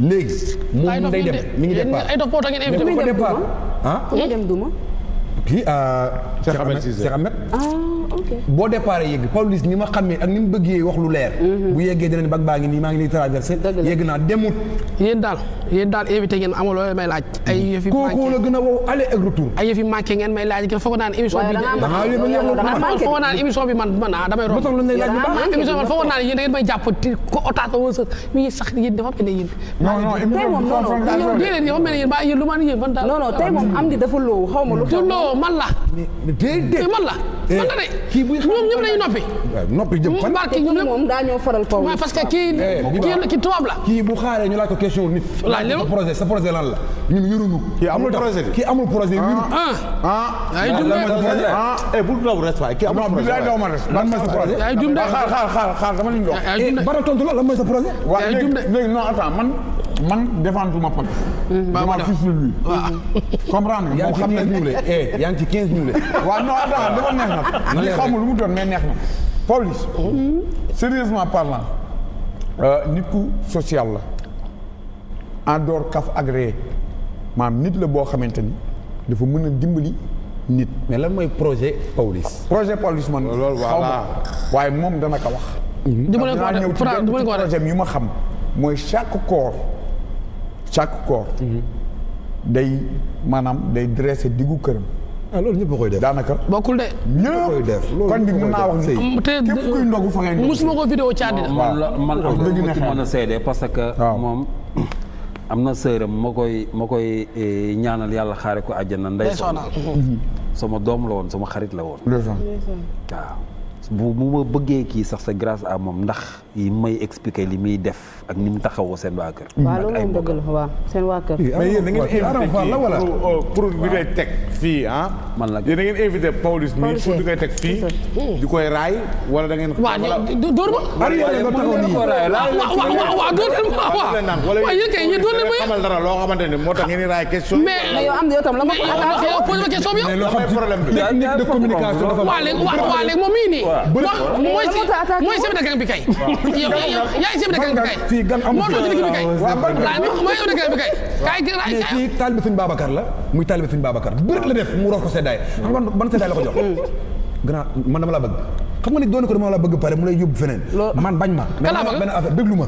Speaker 2: léegi moom day dem mi ngi départ ay dof
Speaker 3: moo tax ngeen invité ko départ duma
Speaker 2: kii ah? ah, Cheikh Ahmed boo départ yegg Pawlish ni ma xamee ak ni mu bëggee wax lu leer. Mhm. bu yeggee dinañ bag baa ngi nii maa ngi nii traversé. dëgg yegg naa demut. yéen daal
Speaker 1: yéen daal invité ngeen amul looy may laaj. Mm.
Speaker 2: ay yëf yu manqué
Speaker 1: a wow aller ak retour. ay yëf yu manqué may laaj foog ah, la laaj bu baax émission bi foog naa ne yéen da ngeen may jàpp ko otaat wala mi ngi sax yéen ne yéen. non non tey moom non non ba yéen lu ma yéen ban daal. non non tey moom am di dafa loo xaw ma lu. xaw ma loo man la. déedéet man la de kii buy ñoom ñoom dañuy
Speaker 3: noppi.
Speaker 2: noppi
Speaker 1: jëm fan. barki
Speaker 3: ñoom moom daañoo faral kaw. parce que kii eh, kii kii tubaab la.
Speaker 2: kii bu xaaree ñu laaj ko question nit. laaj leen projet sa projet lan la ñun yoruñu. kii amul projet ah. Ah. Ah, eh, kii amul projet kii amul projet lan mooy sa projet. Eh, la lan mooy sa projet. man défendre ma police. Mhm. dama fii na yaa ngi ci 15 ñuule. Eh, *laughs* waaw non lu mu doon neex na. police. Mhm. Euh, nit ku social la. en dehors kaf agréé maam nit la boo xamante ni dafa mën a dimbali nit. mais lan mooy projet police. projet police man. loolu xaw ma waaye moom dana ko wax. Mhm. du ma leen ko wax de Fra du ma leen ko wax de projet bi yu ma xam mooy chaque corps. chaque corps. Mhm. day maanaam day dressé diggu këram. ah loolu ñëpp koy def daanaka. bokkul de. ñëpp koy def kon bi mën naa wax
Speaker 1: sëy. képp kuy ndogu fa ngeen. man la man
Speaker 4: a seede parce que. moom *clears throat* am na sëram ma koy ma koy eh, ñaanal yàlla xaare ko àjjana ndey soxna mhm. sama doom la woon sama xarit la woon. waaw. bu mu ma bëggee kii sax sa grace a moom ndax yi may expliquer li muy def. ak ni mu taxawoo seen waa kër. waaw loolu
Speaker 3: moom dëgg la waaw seen waa kër. mais yéen da ngeen invité la wala
Speaker 4: pour bi
Speaker 2: ngay teg fii ah. man la yéen da ngeen invité Pawlish nii pour bi ngay teg fii. di koy raay wala da ngeen. waaw dóor ma. wala yéen a taxaw nii waaw waaw dóor leen ma waaw. wala yéen dóor leen ma xamal dara loo xamante ne moo tax ngeen di raay question. mais yow am
Speaker 3: na yow tam la ma ko posé ma question bi
Speaker 2: yow. mais loo xam ci technique de communication dafa. waaw léegi waaw léegi moom mii nii. mooy
Speaker 1: chef de gang bi kay. yow yaay chef de gang bi kay. fii gan amu fi ah, waaw ban kay mais kii
Speaker 2: ah. taalibe suñu Babacar la muy taalibe suñu Babacar bërit la def mu roof ko seddaay man nga ban seddaay la ko jox hmm. grand man dama la bëgg xam nga ni doon ko dama la bëgg pare mu lay yóbbu feneen. man bañ ma. kalaabaga benn affaire déglu ma.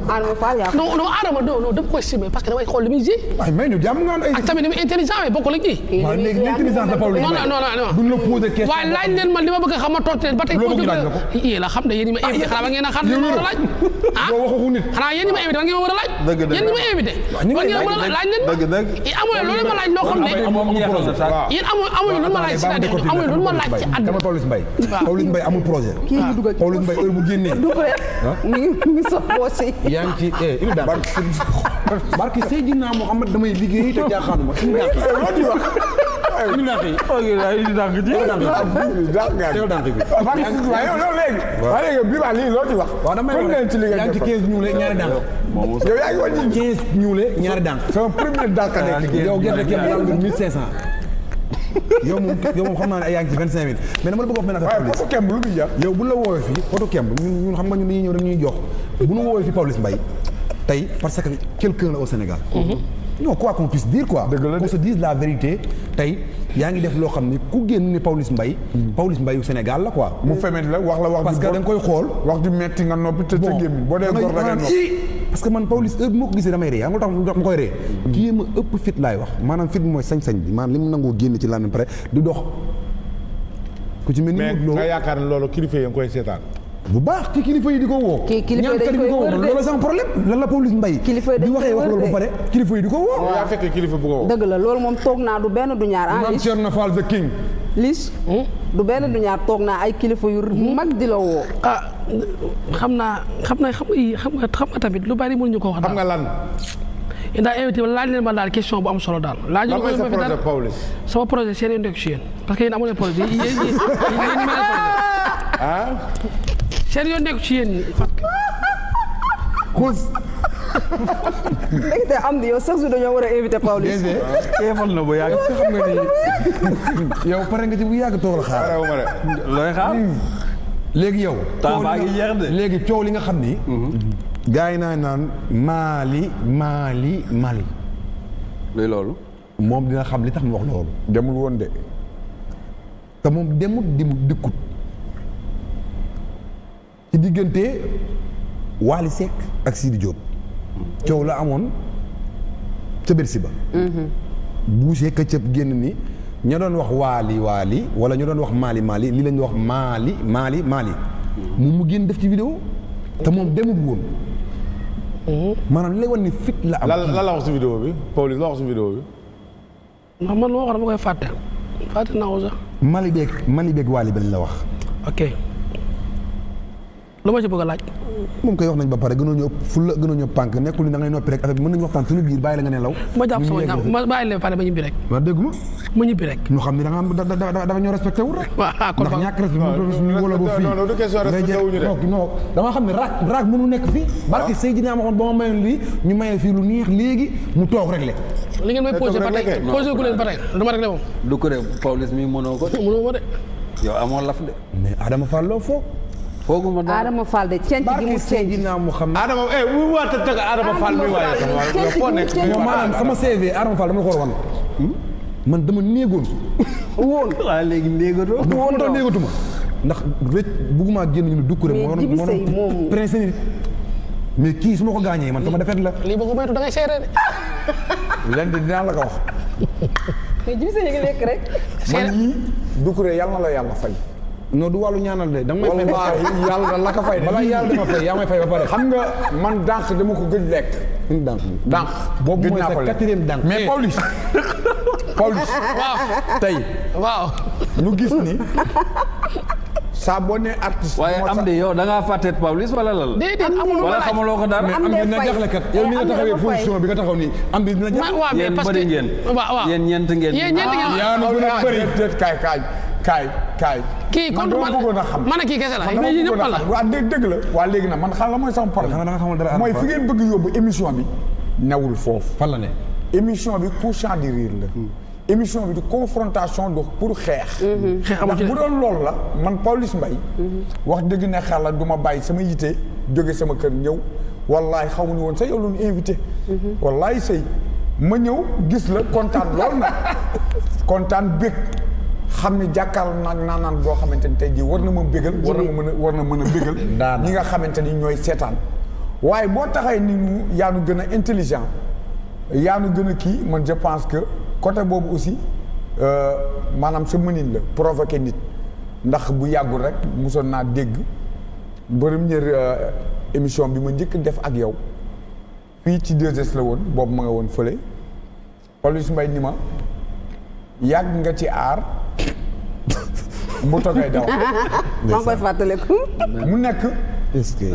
Speaker 3: non non
Speaker 1: Adama non non dama koy simé parce que damay xool li muy ji.
Speaker 2: waaye may ñu jàmm nga am ay. ak ah, tamit ni
Speaker 1: muy intelligent waaye bokkul ak ji. waaw léegi l'intelligence dafa non non non duñ la posé question. waaye laaj leen man li ma bëgg xam ma tontu leen ba tey. loo bëgg laaj la ko yéen a xam ne yéen ñi ma ah, invité xanaa ngeen a xam ne ma war a laaj.
Speaker 2: ah xanaa yéen ñi ma invité da ngeen ma war a laaj.
Speaker 1: dëgg
Speaker 4: dëgg yéen ñi ma invité. war ngeen ma laaj leen ma. dëgg dëgg amuñu loolu ma laaj loo xam ne.
Speaker 3: yéen amuñu amuñu lu ma laaj si amuñu lu ma laaj ci
Speaker 2: àdduna. Pawlish Mbaye amul projet kii ñu dugal ci xoolul mbay heure bu génnee. du ko mi ngi sa poche yi. yaa ngi ci eh Ibrahima. barke Seydina Mohamed damay liggéey te jaaxaanu ma suñu ñàkk yi. suñu ñàkk yi. ok daa indi dànk ji. teew dànk bi. waaye yow léegi. waaw léegi bi wax. waaw damay wax ñaari dànk. yow yaa ngi woon 15 ñuule gerte kii am na 1500. yow moom yow moom xam naa ne yaa ngi ci vingt cinq mille mais dama la bëgg wax benn affaire Pawlish kemb lu muy jar yow bu la woowee fii poto kemb ñun ñun xam nga ñun dañuy ñëw rek ñuy jox bu ñu woowee fii Pawlish Mbaye tey parce que quelqu'un la au Sénégal mm-hmm. non quoi qu'on puisse dire quoi. dëgg la qu'on se dise la vérité tey yaa ngi def loo xam ni ku génn ni Pawlish Mbaye. Mm. Pawlish Mbaye yu Sénégal la quoi. mu femet la wax la wax. parce que da nga koy xool. wax ju metti nga noppi te te gémmiñ boo dee góor la ah, parce que man Pawlish heure bu ma ko gisee damay ree yaa ngi tax ma koy ree. Mm. kii ma ëpp fit laay wax maanaam fit mooy sañ-sañ bi maanaam li mu nangoo génn ci lan pare di dox. ku ci mel ni. mais nga yaakaar ne loolu kilifa yi nga koy
Speaker 3: bu baax ki kilifa yi di ko woo. ki kilifa yi dañ koy woo loolu sans problème
Speaker 2: lan la Pawlish Mbaye. kilifa yi di ko woo. waaw yaa fekk
Speaker 3: loolu moom toog naa du benn du ñaar ah. Lis Thierno Fall the king. Lis. du benn du ñaar toog naa ay kilifa yu mag di la woo. ah xam naa xam na xam nga xam nga xam nga tamit lu bari ñu ko wax. xam nga lan.
Speaker 1: yéen daal invité laal leen ma laal question bu am solo daal. laaj ñu ma fi daal sama projet seen i ndek si yéen parce que yéen seen yoon nekk ci yéen ñi.
Speaker 3: xuus. léegi am na yow sax su dañoo war a invité Pawlish. nga ni
Speaker 2: yow pare nga ci bu yàgg tool xaar. looy xaar. Hmm. léegi yow. léegi coow li nga xam ni. Hmm. gars yi naa naan Mali Mali Mali. luy loolu. moom dina xam li tax mu wax loolu. demul woon de. te moom demut dimut dikkut. ci diggante Waly Seck ak Sidi Diop. coow la amoon ca Bercy ba. Mm-hmm. buusee këccëb génn ni ña doon wax waali waali wala ñu doon wax maali maali li lañu wax maali maali maali. Mm-hmm. moom mu génn def ci vidéo te moom demut woon. Eh? maanaam li lay wan ni fit la am. lan la wax si vidéo bi Pawlish la wax si vidéo bi. ndax man moo wax dama koy fàtte
Speaker 1: fàtte naa ko sax.
Speaker 2: Mali beeg Mali beeg waali ba lañ la wax. lu ma ci bëgg a laaj. moom koy wax nañ ba pare gënoon ñu ëpp fulla gënoon ñu ëpp pànk nekkul ni da ngay noppi rek affaire bi mën nañu waxtaan suñu biir bàyyi la nga ne law. ma jàpp sama ñaam
Speaker 1: ma bàyyi
Speaker 2: fii. non non du question respecté ba ma mayoon lii ñu maye fii lu neex léegi mu toog rek le li ngeen may posé ba tey
Speaker 4: ko de Pawlish mi *laughs* de. yow amoo laf de. mais Adama Fall loo foog
Speaker 3: fooguma dara Adama Fall de cent gi mu cent gi mu xam Adama eh wu waata teg Adama Fall mi waaye
Speaker 2: foo wan hmm? man dama néegoon *laughs* woon waaw léegi néegatoo woon doo néegatuma ndax rëcc bugguma génn ñu ne dukkure moo noonu prince nit mais kii su ma man sama defet la lii boo ko moytu da ngay seere de *laughs* len di dinaa wax *laughs*
Speaker 3: mais jibi sa lekk rek man
Speaker 2: yii dukkure yàlla na la yàlla fay non du wàllu ñaanal de. da nga fay la ka fay de. balaa yàlla dama fay yaa may fay ba pare. xam nga man dànq dama ko gëj lekk. dànq dànq. boobu mooy sa quatrième dànq. mais Pawlish *laughs* Pawlish. waaw
Speaker 1: tey.
Speaker 4: waaw ñu gis ni. saa boo nee artiste. waaye am de yow da ngaa fàtte Pawlish wala lan. déedéet amul wala xamaloo ko dara. am de fay mais am dina jaxle kat yow mi nga taxawee position bi nga taxaw nii am bi jaxle. waaw mais parce que yéen bëri ngeen. waaw waaw yéen ñeent ngeen. yéen ñeent ngeen. yaa
Speaker 1: nu gën a
Speaker 2: bëri kaay kaay. kii kon man man a kii kese la mais yii ñëpp la waaw dégg dégg la waa léegi nag man xam la mooy sama problème mooy fi ngeen bëgg yóbbu émission bi newul foofu fan la ne émission bi couchant di rire la hmm. émission bi du confrontation du pour xeex hmm. ndax bu doon loolu la man Pawlish Mbaye hmm. wax dëgg ne xala du ma bàyyi sama yite jóge sama kër ñëw wallaay xamu ni woon sa yow lu ñu invité wallaay sëy ma ñëw gis la kontaan lool nag *laughs* kontaan bég xam ne jàkkaarloo naag naanaan boo xamante ni tey jii war na ma bégal war na ma mën a war na mën a bégal *laughs* ñi nga xamante ni ñooy seetaan waaye boo taxee ni ñu yaa gën a intelligent yaa nu gën a kii man je pense que côté boobu aussi euh, maanaam sa mënin la provoqué nit ndax bu yàggul rek mosoon naa dégg première euh, émission bi ma njëkk def ak yow fii ci 2S la woon boobu ma nga woon fële Pawlish Mbaye ni ma yàgg nga ci aar bu toogay daw. maa koy fàttaliku. mu nekk. est-ce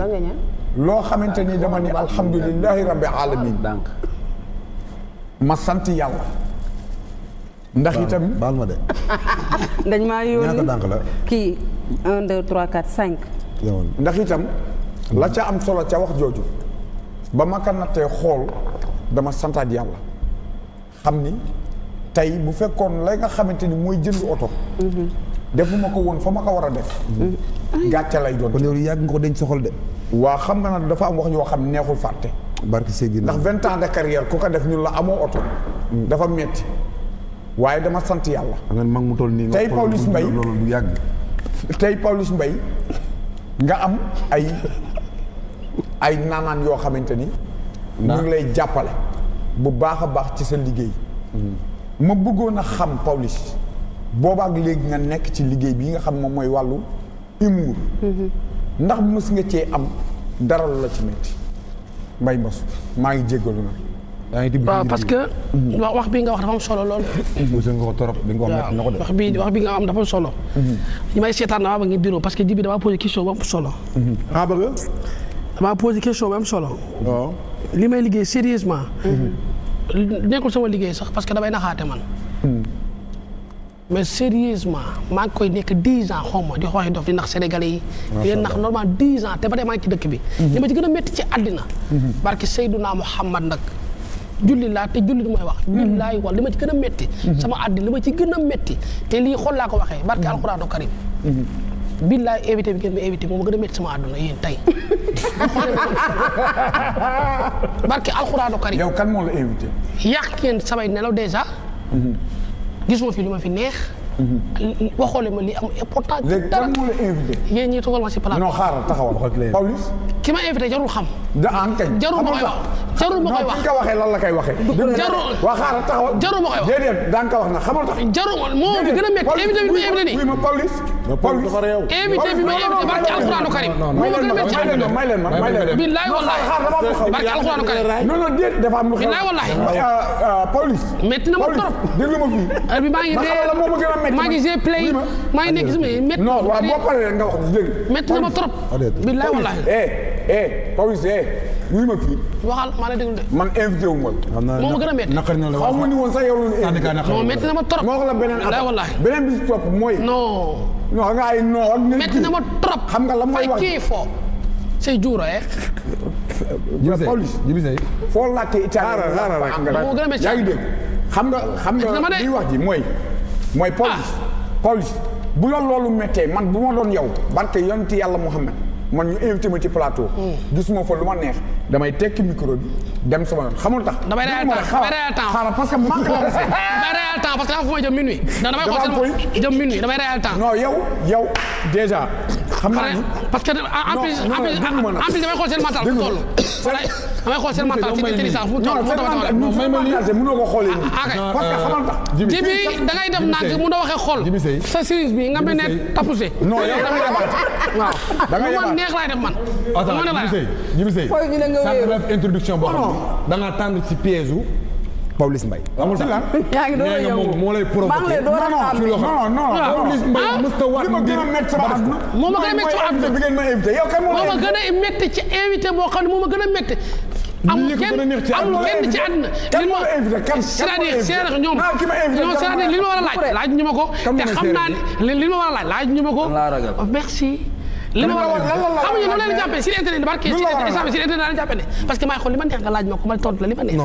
Speaker 2: loo xamante ni dama ni alhamdulilahi rabbi alamin ma sant yàlla. ndax itam baal ma de.
Speaker 3: *laughs* dañ maa yónni kii un deux trois quatre cinq.
Speaker 2: ndax itam la ca am solo ca wax jooju ba ma ka xool dama santaat yàlla xam ni. tey bu fekkoon lay nga xamante ni mooy jënd oto. defuma ko woon fa ma ko war a def. gàcce lay doon. kon yow yàgg nga ko denc soxal de. waa xam nga nag dafa am wax yoo xam neexul fàtte. barke Seydina ndax vingt ans de carrière ku ko def ñun la amoo oto. dafa metti waaye dama sant yàlla. nga mag mu toll nii tey Pawlish Mbaye loolu du yàgg. tey Pawlish Mbaye nga am ay ay naanaan yoo xamante ni. ñu lay jàppale. bu baax a baax ci sa liggéey. ma bëggoon a xam Pawlish boobaak léegi nga nekk ci liggéey bi nga xam moom mooy wàllu humour mhm. ndax mës nga cee am dara la ci métti mbay mbas maa ngi jéggalu na waaw parce que wax bi nga wax dafa solo lool. mos nga ko torop bi
Speaker 1: wax na ko de. wax bi wax bi nga am dafa solo. ñu mhm. may seetaan damaa ba ngi bureau parce que ji bi damaa posé question bu am solo. Mhm. ah bëgg. damaa posé question am solo. li may liggéey sérieusement nekkul sama liggéey sax parce que damay naxaate man. Hmm. mais sérieusement maa ngi koy nekk dix ans xaw ma di xooxi dof di nax sénégalais yi. di leen nax normal dix ans te ba tey maa ngi ci dëkk bi. Hmm. li ma ci gën a métti ci àddina. Hmm. barke Seydouna Muhammad nag. julli laa te julli mooy wax. julli laay wax li ma ci gën a métti. sama àddina li ma ci gën a métti te lii xol laa ko waxee barke alxuraanu karim billaay évité bi ngeen ma évité moom ma gën a métti sama àdduna yéen tey. *laughs* barke alxuraanu karim. yow kan moo la évité. yàq ngeen samay nelaw dèjà. Mhm. gisuma fi lu ma fi neex. Mhm. waxoole ma li am important. léegi kan moo la invité. yéen ma si palaat. non xaaral taxawal wax ki ma invité jarul xam. jarul ma koy wax jarul ma koy
Speaker 2: wax la koy waxee. jarul wax déedéet
Speaker 1: moo fi gën a métti invité bi ma invité
Speaker 2: Paul dafa réew. invité bi ma invité barki alxuraanu karim. may leen ma may leen ma may leen ma.
Speaker 1: billaay wallaahi barki alxuraanu karim. non non déet dafa am lu xew. billaay wallaahi. Pawlish. métti na ma trop. déglu ma fii. bi maa ngi dee maa ngi gée play maa ngi nekk sama métti. non waaw boo
Speaker 2: paree nga wax dégg. métti na ma trop. billaay wallaahi. eh eh Pawlish eh. wuy ma fii. waxal maa la déglu de. man invité wu ma. moom ma gën a métti. naqari na la waaw xaw ma ni woon sax yow. sànni kaa naqari na la moom métti na ma trop. moo wax la beneen affaire beneen bi si topp mooy. non. non nga ay non. métti na ma trop. xam nga la mooy
Speaker 1: wax fay kii foo. say juuro eh.
Speaker 2: jibisee foo laajte italien. yaa ngi dégg xam nga xam nga liy wax ji mooy. mooy police bu la loolu méttee man bu ma doon yow barke yonti yàlla Muhammad man ñu invité ci plateau. Mm. gisuma ma lu ma neex damay tekki micro bi dem sama yoon xamul tax. damay reyal temps damay reyal temps xaaral parce que manque la *laughs* respect.
Speaker 1: damay reyal temps parce que dafa fu may jëm minuit. damay xool jëm minuit damay reyal yow yow déjà. xam naa ni parce que en plus en plus damay xool seen mental. damay xool seen a seen intelligence fu
Speaker 2: mu toll ko xoolee ah, ah, parce que ah, xamal tax
Speaker 1: ji sa cerise bi nga mel ne
Speaker 2: tapusé non yow da
Speaker 1: ngay defaat *laughs* waaw ma neex laay
Speaker 2: Djibi Seye def introduction boo xam ne da ci piège u Pawlish Mbaye amul sax yaa ngi doon yow moo lay provoqué non non
Speaker 1: a gën a métti ci invité boo xam ne moo a gën a métti amul kenn amul kenn ci àdduna. kan moo invité kan c'est-à-dire seen ak ñoom. Ah, ki ma invité c'est-à-dire li ma war a laaj laaj ñu ma ko. te xam naa li ma war a laaj laaj ñu oh, ma ko merci. lan la war xamuñu nu leen jàppee sur internet barke sur internet la jàppee de parce que maay xool li ma neex nga laaj ma ko ma tontu la
Speaker 2: li ma neex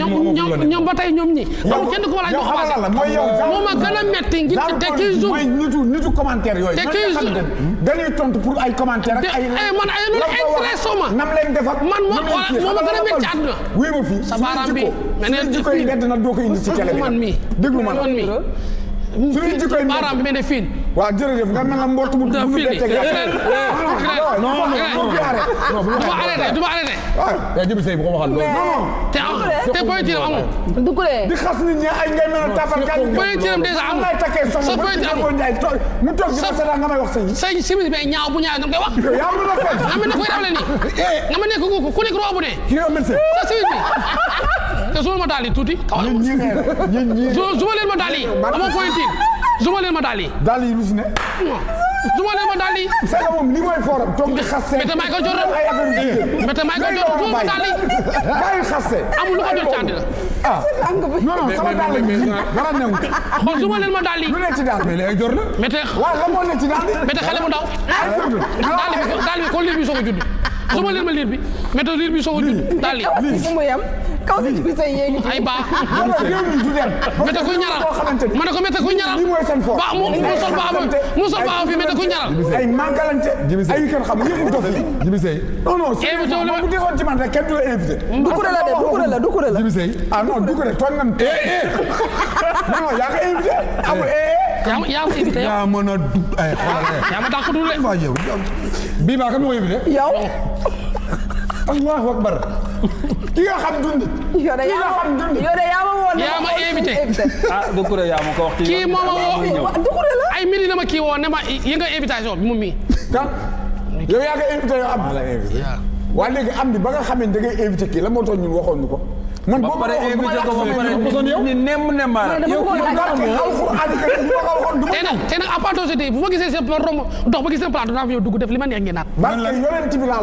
Speaker 2: ñoom ñoom
Speaker 1: ba tey ñoom ñi amul kenn ku ma laaj ma ko moo ma gën a metti ngir te kii jour mooy
Speaker 2: nitu nitu commentaire yooyu te kii jour dañuy tontu pour ay commentaire ak ay eh, man ay loolu intéressé ma nam leen defar man moo moo ma gën a metti àdduna wii ma
Speaker 1: fii sa baaraam bi meneen jikko yi dedd na doo ko indi ci télé bi déglu man mi suñuy jikko yi baaraam bi mel ne fiin waaw jërëjëf nga mel na mbootu bu bu ñu teg ah, non non non non du ma arrêté du ma arrêté
Speaker 2: yaa jëbi sëy bu ko waxal loolu te point tiram amul
Speaker 1: dugulee di xas nit ñi ay ngay mel na tapal kan point tiram déjà amul lay takkee sama point tiram amul ay toog mu toog di sa nga may wax sëy sëy simis bi ñaaw bu ñaaw dama koy wax yaa mu rafet nga mel ne koy dawle ni nga mel ne ku nekk roobu ne sa simis bi te su daal yi tuuti. ñun ñii ñun ñii su ma leen ma ma leen ma yi. daal yi lu li mooy forum toog di xaste. ko jotoon ay affaire mais ko jotoon su ma daal yi. maa ngi xaste. amul lu ko jot ne ci daal mais léegi jor na. mais te ci daal yi. mais te xale mu ndaw. daal bi daal bi kon léegi soog su ma leen ma liir bi mais te liir bi soog a judd daal kaw si bi say yéegi ay baa mais te kuy ñaral ma ne ko mais te kuy ñaral ba mu sol baa
Speaker 2: mu sol baa fi mais te kuy ñaral ay mangalante ay kenn xam yëpp dof li Djibi Seye non non bu defoon ci man rek kenn du la invité du kuré la du kuré la du kuré la Djibi Seye ah non du kuré toog nga eh eh *laughs* non non yaa ko invité amul eh, eh. yaa ma invité yaa mën a du ay xoolal yaa ma dàq dul waaw yow bii baa kan ma ko invité yow allahu akbar ki nga xam dund yow de yaa
Speaker 3: woon
Speaker 4: yaa ma invité ah Doucouré yaa ma ma woo
Speaker 1: ah, kii woo ne ma yi nga invitation bi moom mii
Speaker 2: kan yow yaa ko invité yow am waa léegi am bi ba nga xamee da ngay invité kii la moo tax ñun waxoon ñu ko man boo ma waxoon dama yàq sama ni nemm
Speaker 4: nemmaara. yow kii yow barke
Speaker 2: alxuraan kër ma ko ma.
Speaker 1: tey nag tey nag apatosité bu ma gisee seen romb dox ba gis dugg def li ma neex ngeen naan.
Speaker 2: barke yonent a laa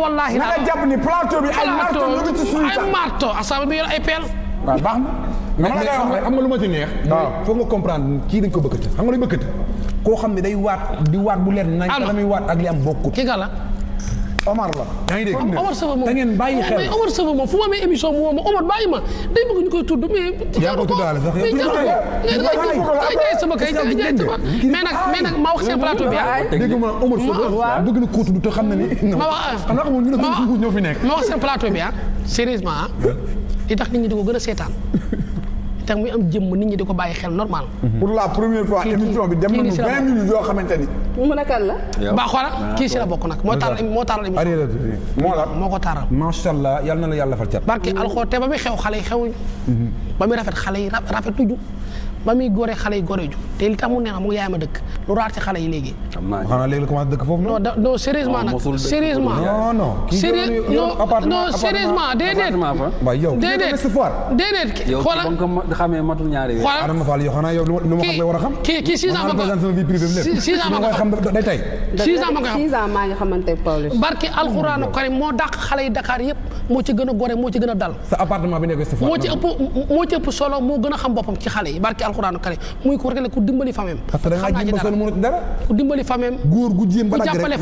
Speaker 1: la wax. da jàpp ni plateau bi ay marto ñu ngi ci suñu ay bi yor ay peel.
Speaker 2: baax na. xam nga lu ma ci neex. waaw foog nga comprendre kii dañ ko bëkkati xam nga dañ bëkkati koo xam ne day waat di waat bu leer nañ. alma la muy waat ak li am bokkut. kii gala Omar la yaa ngi dégg Omar Sëba moom ma
Speaker 1: amee émission mu woo ma Omar bàyyi ma day bëgg ñu koy tudd mais. yaa ko tuddaale sax mais jaay xam
Speaker 2: na ni. ma wax ah. xanaa xamul ñu ne ma wax seen
Speaker 1: plateau bi ah. ah. li tax nit ñi di ko gën a seetaan te muy am jëmm nit ñi di ko bàyyi xel normal.
Speaker 2: pour la première fois émission bi dem nañu vingt minutes yoo xamante ni.
Speaker 1: mu ne kan ba xoolal ah, kii si la bokk nag moo taaral moo taaral émission bi. moo la moo ko taaral.
Speaker 2: macha allah yal na la yàlla fal cat. barke alxote
Speaker 1: ba muy xew xale yi xewuñu. Mhm. ba muy rafet xale yi rafet tuju. ba muy góore xale yi góore ju te li tax mu neex mu yaay ma dëkk lu raar ci xale yi léegi. xanaa léegi commencé dëkk foofu. non non sérieusement nag sérieusement. non non non sérieusement déedéet.
Speaker 4: waaw yow déedéet
Speaker 1: déedéet. yow
Speaker 4: comme que xamee matul ñaari weer. xoolal Adama Fall yow xanaa yow lu ma xam war a xam. kii kii six ans ma ko six ans ma ko
Speaker 1: xam day tey. six ans ma ko xam six
Speaker 3: ans maa ngi xamante Pawlish. barke alxuraanu mm. karim
Speaker 1: moo dàq xale yi Dakar yëpp moo ci gën a góore moo ci gën a dal. sa appartement bi nekk ci moo ci ëpp moo ci ëpp solo moo gën a xam boppam ci xale yi barke alxuraanu kare muy ku rek ku dimbali famem ku dimbali gu jéem ba ku jàppale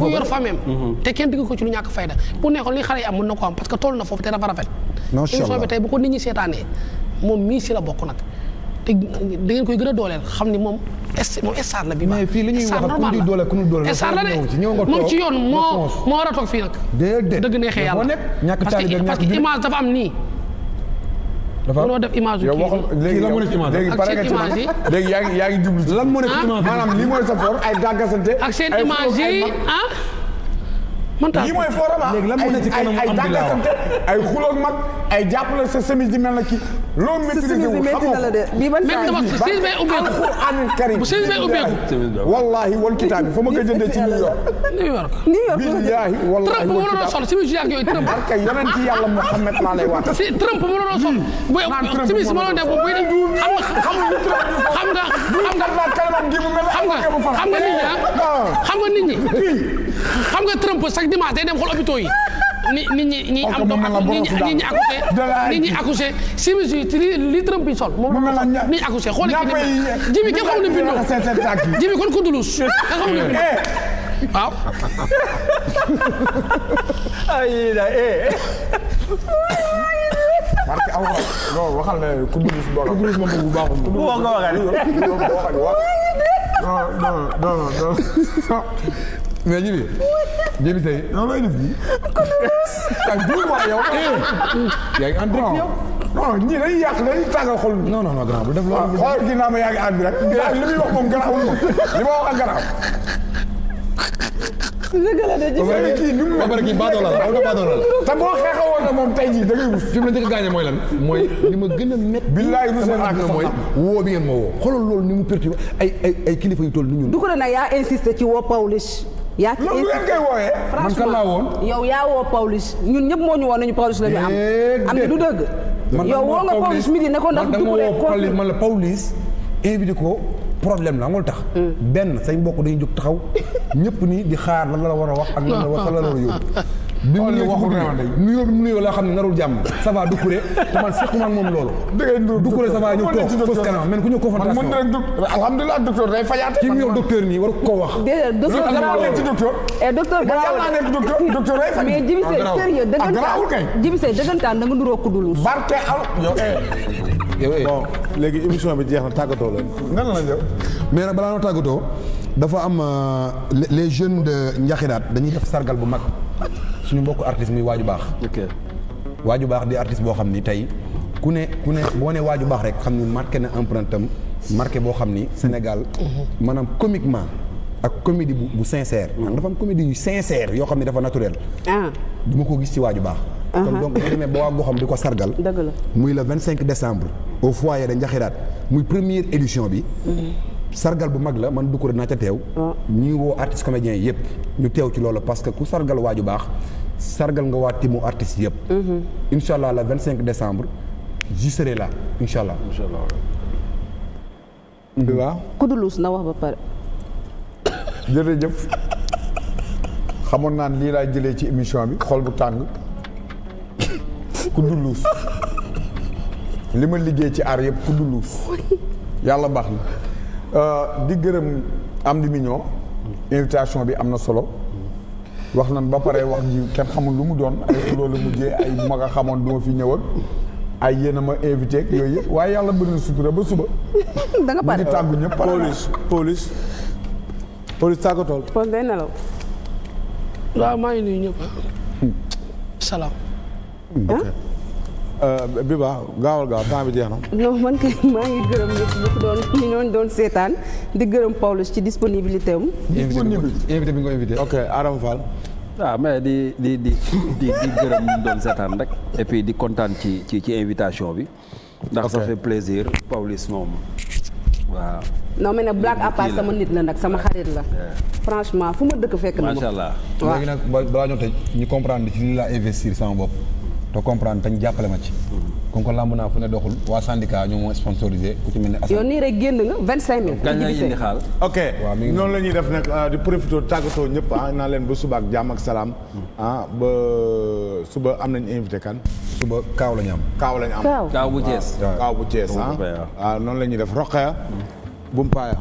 Speaker 1: ku yor famem mhm. te kenn digg ko ci lu ñàkk fayda bu nekkoon li xale yi am mën na ko am parce que na foofu te dafa rafet moom mii si la bokk a moom ci yoon moo war a toog fii nag dëgg neexee yàlla parce que image dafa am nii dafa mënoo def image yow waxul
Speaker 2: léegi lan moo nekk image léegi pare nga ci man léegi yaa ngi yaa ngi jublu ci lan moo nekk image maanaam lii mooy sa for ay dàggasante ak seen image yi ah yi mooy forum ah ay dànkasante ay xuloog mag ay jàppale sa semis di mel na kii loolu maîtrisé wu xamoo alxuraan karim wallahi wal kitaab bi fa ma ko jëndee ci New York New York billahi wallahi wal
Speaker 1: kitaab barke yonent yàlla Muhammad laa lay wax Trump mu la
Speaker 2: sol boy simis mo
Speaker 1: la def boy def xam nga xam nga xam nga nit ñi ah. eh, xam nga nit ñi xam nga Trump chaque dimanche day dem xool hôpitaux yi. nit ñi ñi am doom nit ñi accouché nit ñi accouché simis yi li Trump yi sol moom nit ñi accouché xool kii jibi kenn xamul ne bindoo jibi kon kudulus *laughs* kenn xamul ne bindoo eh.
Speaker 2: waaw *laughs* ay da eh parce que aw non waxal na kudulus boo kudulus moom bu baaxul moom wax nga waxal non non non non *laughs* mais ji bi ji bi tey noonu lay def nii. ak duur waa yow. Eh. yaa ngi ànd yow. xol. non non non grand bu def loolu. xool gi naa ma yaa ngi ànd rek. li muy wax moom garaaw li ma aw
Speaker 3: na baadoola la. te
Speaker 2: boo xeexewoon na moom tey jii da a mooy lan. mooy li ma gën a métti. billaay ruse naa bi ngeen ma woo. xoolal loolu ni mu perturbé ay ay ay kilifa yu toll ni ñun. du
Speaker 3: ko ne nag yaa insisté ci woo Pawlish. yaa ci leen koy wooyee. man kan laa yow yaa woo Pawlish ñun ñëpp moo ñu woon nañu Pawlish la am. am na du dëgg. yow woo nga Pawlish midi ne ko
Speaker 2: ndax. dugubulee man la Pawlish invité ko problème la amul tax. Hmm. benn sañ mbokk dañuy jóg taxaw *laughs* ñëpp nii di xaar lan la war a wax. ak lan la war a yóbbu. bi mu ñëw waxul laa xam ne narul jàmm ça va du kuré te man sequma ak moom loolu *laughs* du kuré ça va ñëw toog fos kanam man ku ñëw confrontation
Speaker 3: ko wax eh, docteur docteur mais Djiby Sèye sérieux ah, dëggantaan Djiby Sèye dëggantaan da nga nuroo kudulu barke al yow eh.
Speaker 2: Eh. léegi émission bi jeex na tàggatoo la nga la mais nag balaa noo tàggatoo dafa am euh, les jeunes de Njaxiraat dañuy def sargal bu mag suñu mbokk artiste muy waaju baax. waaju baax di artiste boo xam ni tey ku ne ku ne boo ne waaju baax rek xam ni marqué na empreinte am marqué boo xam ni Sénégal maanaam comiquement ak comédie bu bu sincère. Mm-hmm. dafa am comédie yu sincère yoo xam ni dafa naturel. Ah. du ma ko gis ci waaju baax. Uh-huh. kon donc boo demee ba xam goxam di ko sargal. dëgg la muy vingt cinq décembre. au foyer de Njaxiraat muy première édition bi. Mm-hmm. sargal bu mag la man du ko naa ca teew. ñuy woo artistes comédiens yëpp. ñu teew ci loolu parce que ku sargal waa ju baax sargal nga waa timu artistes yëpp. Mm-hmm. incha allah le 25 décembre je serai là incha allah. incha allah. waaw. Mm-hmm.
Speaker 3: Kudulus na wax ba pare.
Speaker 2: *coughs* jërëjëf xamoon naa lii laa jëlee ci émission bi xool bu tàng *coughs* Kudulus *coughs* li ma liggéey ci aar yëpp Kudulus yàlla baax na. Euh, di gërëm Amdy Mignon invitation bi am na solo wax nañ ba pare wax ji kenn xamul lu mu doon ay loolu mujjee ay mag nga xamoon du ma fi ñëwal ay yéen a ma invité ak yooyu yëpp waaye yàlla bëri na sutura ba suba.
Speaker 3: *laughs* da nga pare tàggu
Speaker 2: ñëpp pare police police police tàggatool. kon day nelaw. waaw
Speaker 1: maa ngi nuyu ñëpp. Hmm.
Speaker 3: salaam.
Speaker 2: Ah? Euh, bi baax gaawal gaaw temps bi jeex na.
Speaker 3: non man kay maa ngi gërëm ñëpp ñu doon ñu doon doon seetaan di gërëm Pawlish ci disponibilité am.
Speaker 4: disponible invité bi nga invité. ok Adama Fall. waaw ah, di di di di di gërëm seetaan rek. et di kontaan ci ci ci invitation bi. ndax ça fait plaisir Pawlish moom waaw.
Speaker 3: non mais nag blague à part sama nit la nag sama xarit la. franchement fu ma dëkk fekk na ma. macha allah
Speaker 2: léegi balaa ñoo tëj ñu comprendre ci li laa investir sama bopp. te comprendre tañ jàppale ma ci. kon ko làmb naa fu ne doxul waa syndicat ñoom moo sponsorisé ku ci mel ni.
Speaker 3: yow nii rek génn nga vingt cinq
Speaker 2: mille. noonu la ñuy def nag ah, di profité tàggatoo ñëpp ah naa leen bu suba ak jàmm ak salaam. Hmm. ah ba suba am nañ invité kan. suba kaaw la ñu am. kaaw la ñu am kaaw bu Thiès. kaaw bu Thiès ah. Ah. ah. noonu la ñuy def Roqaya. Bumpaaya.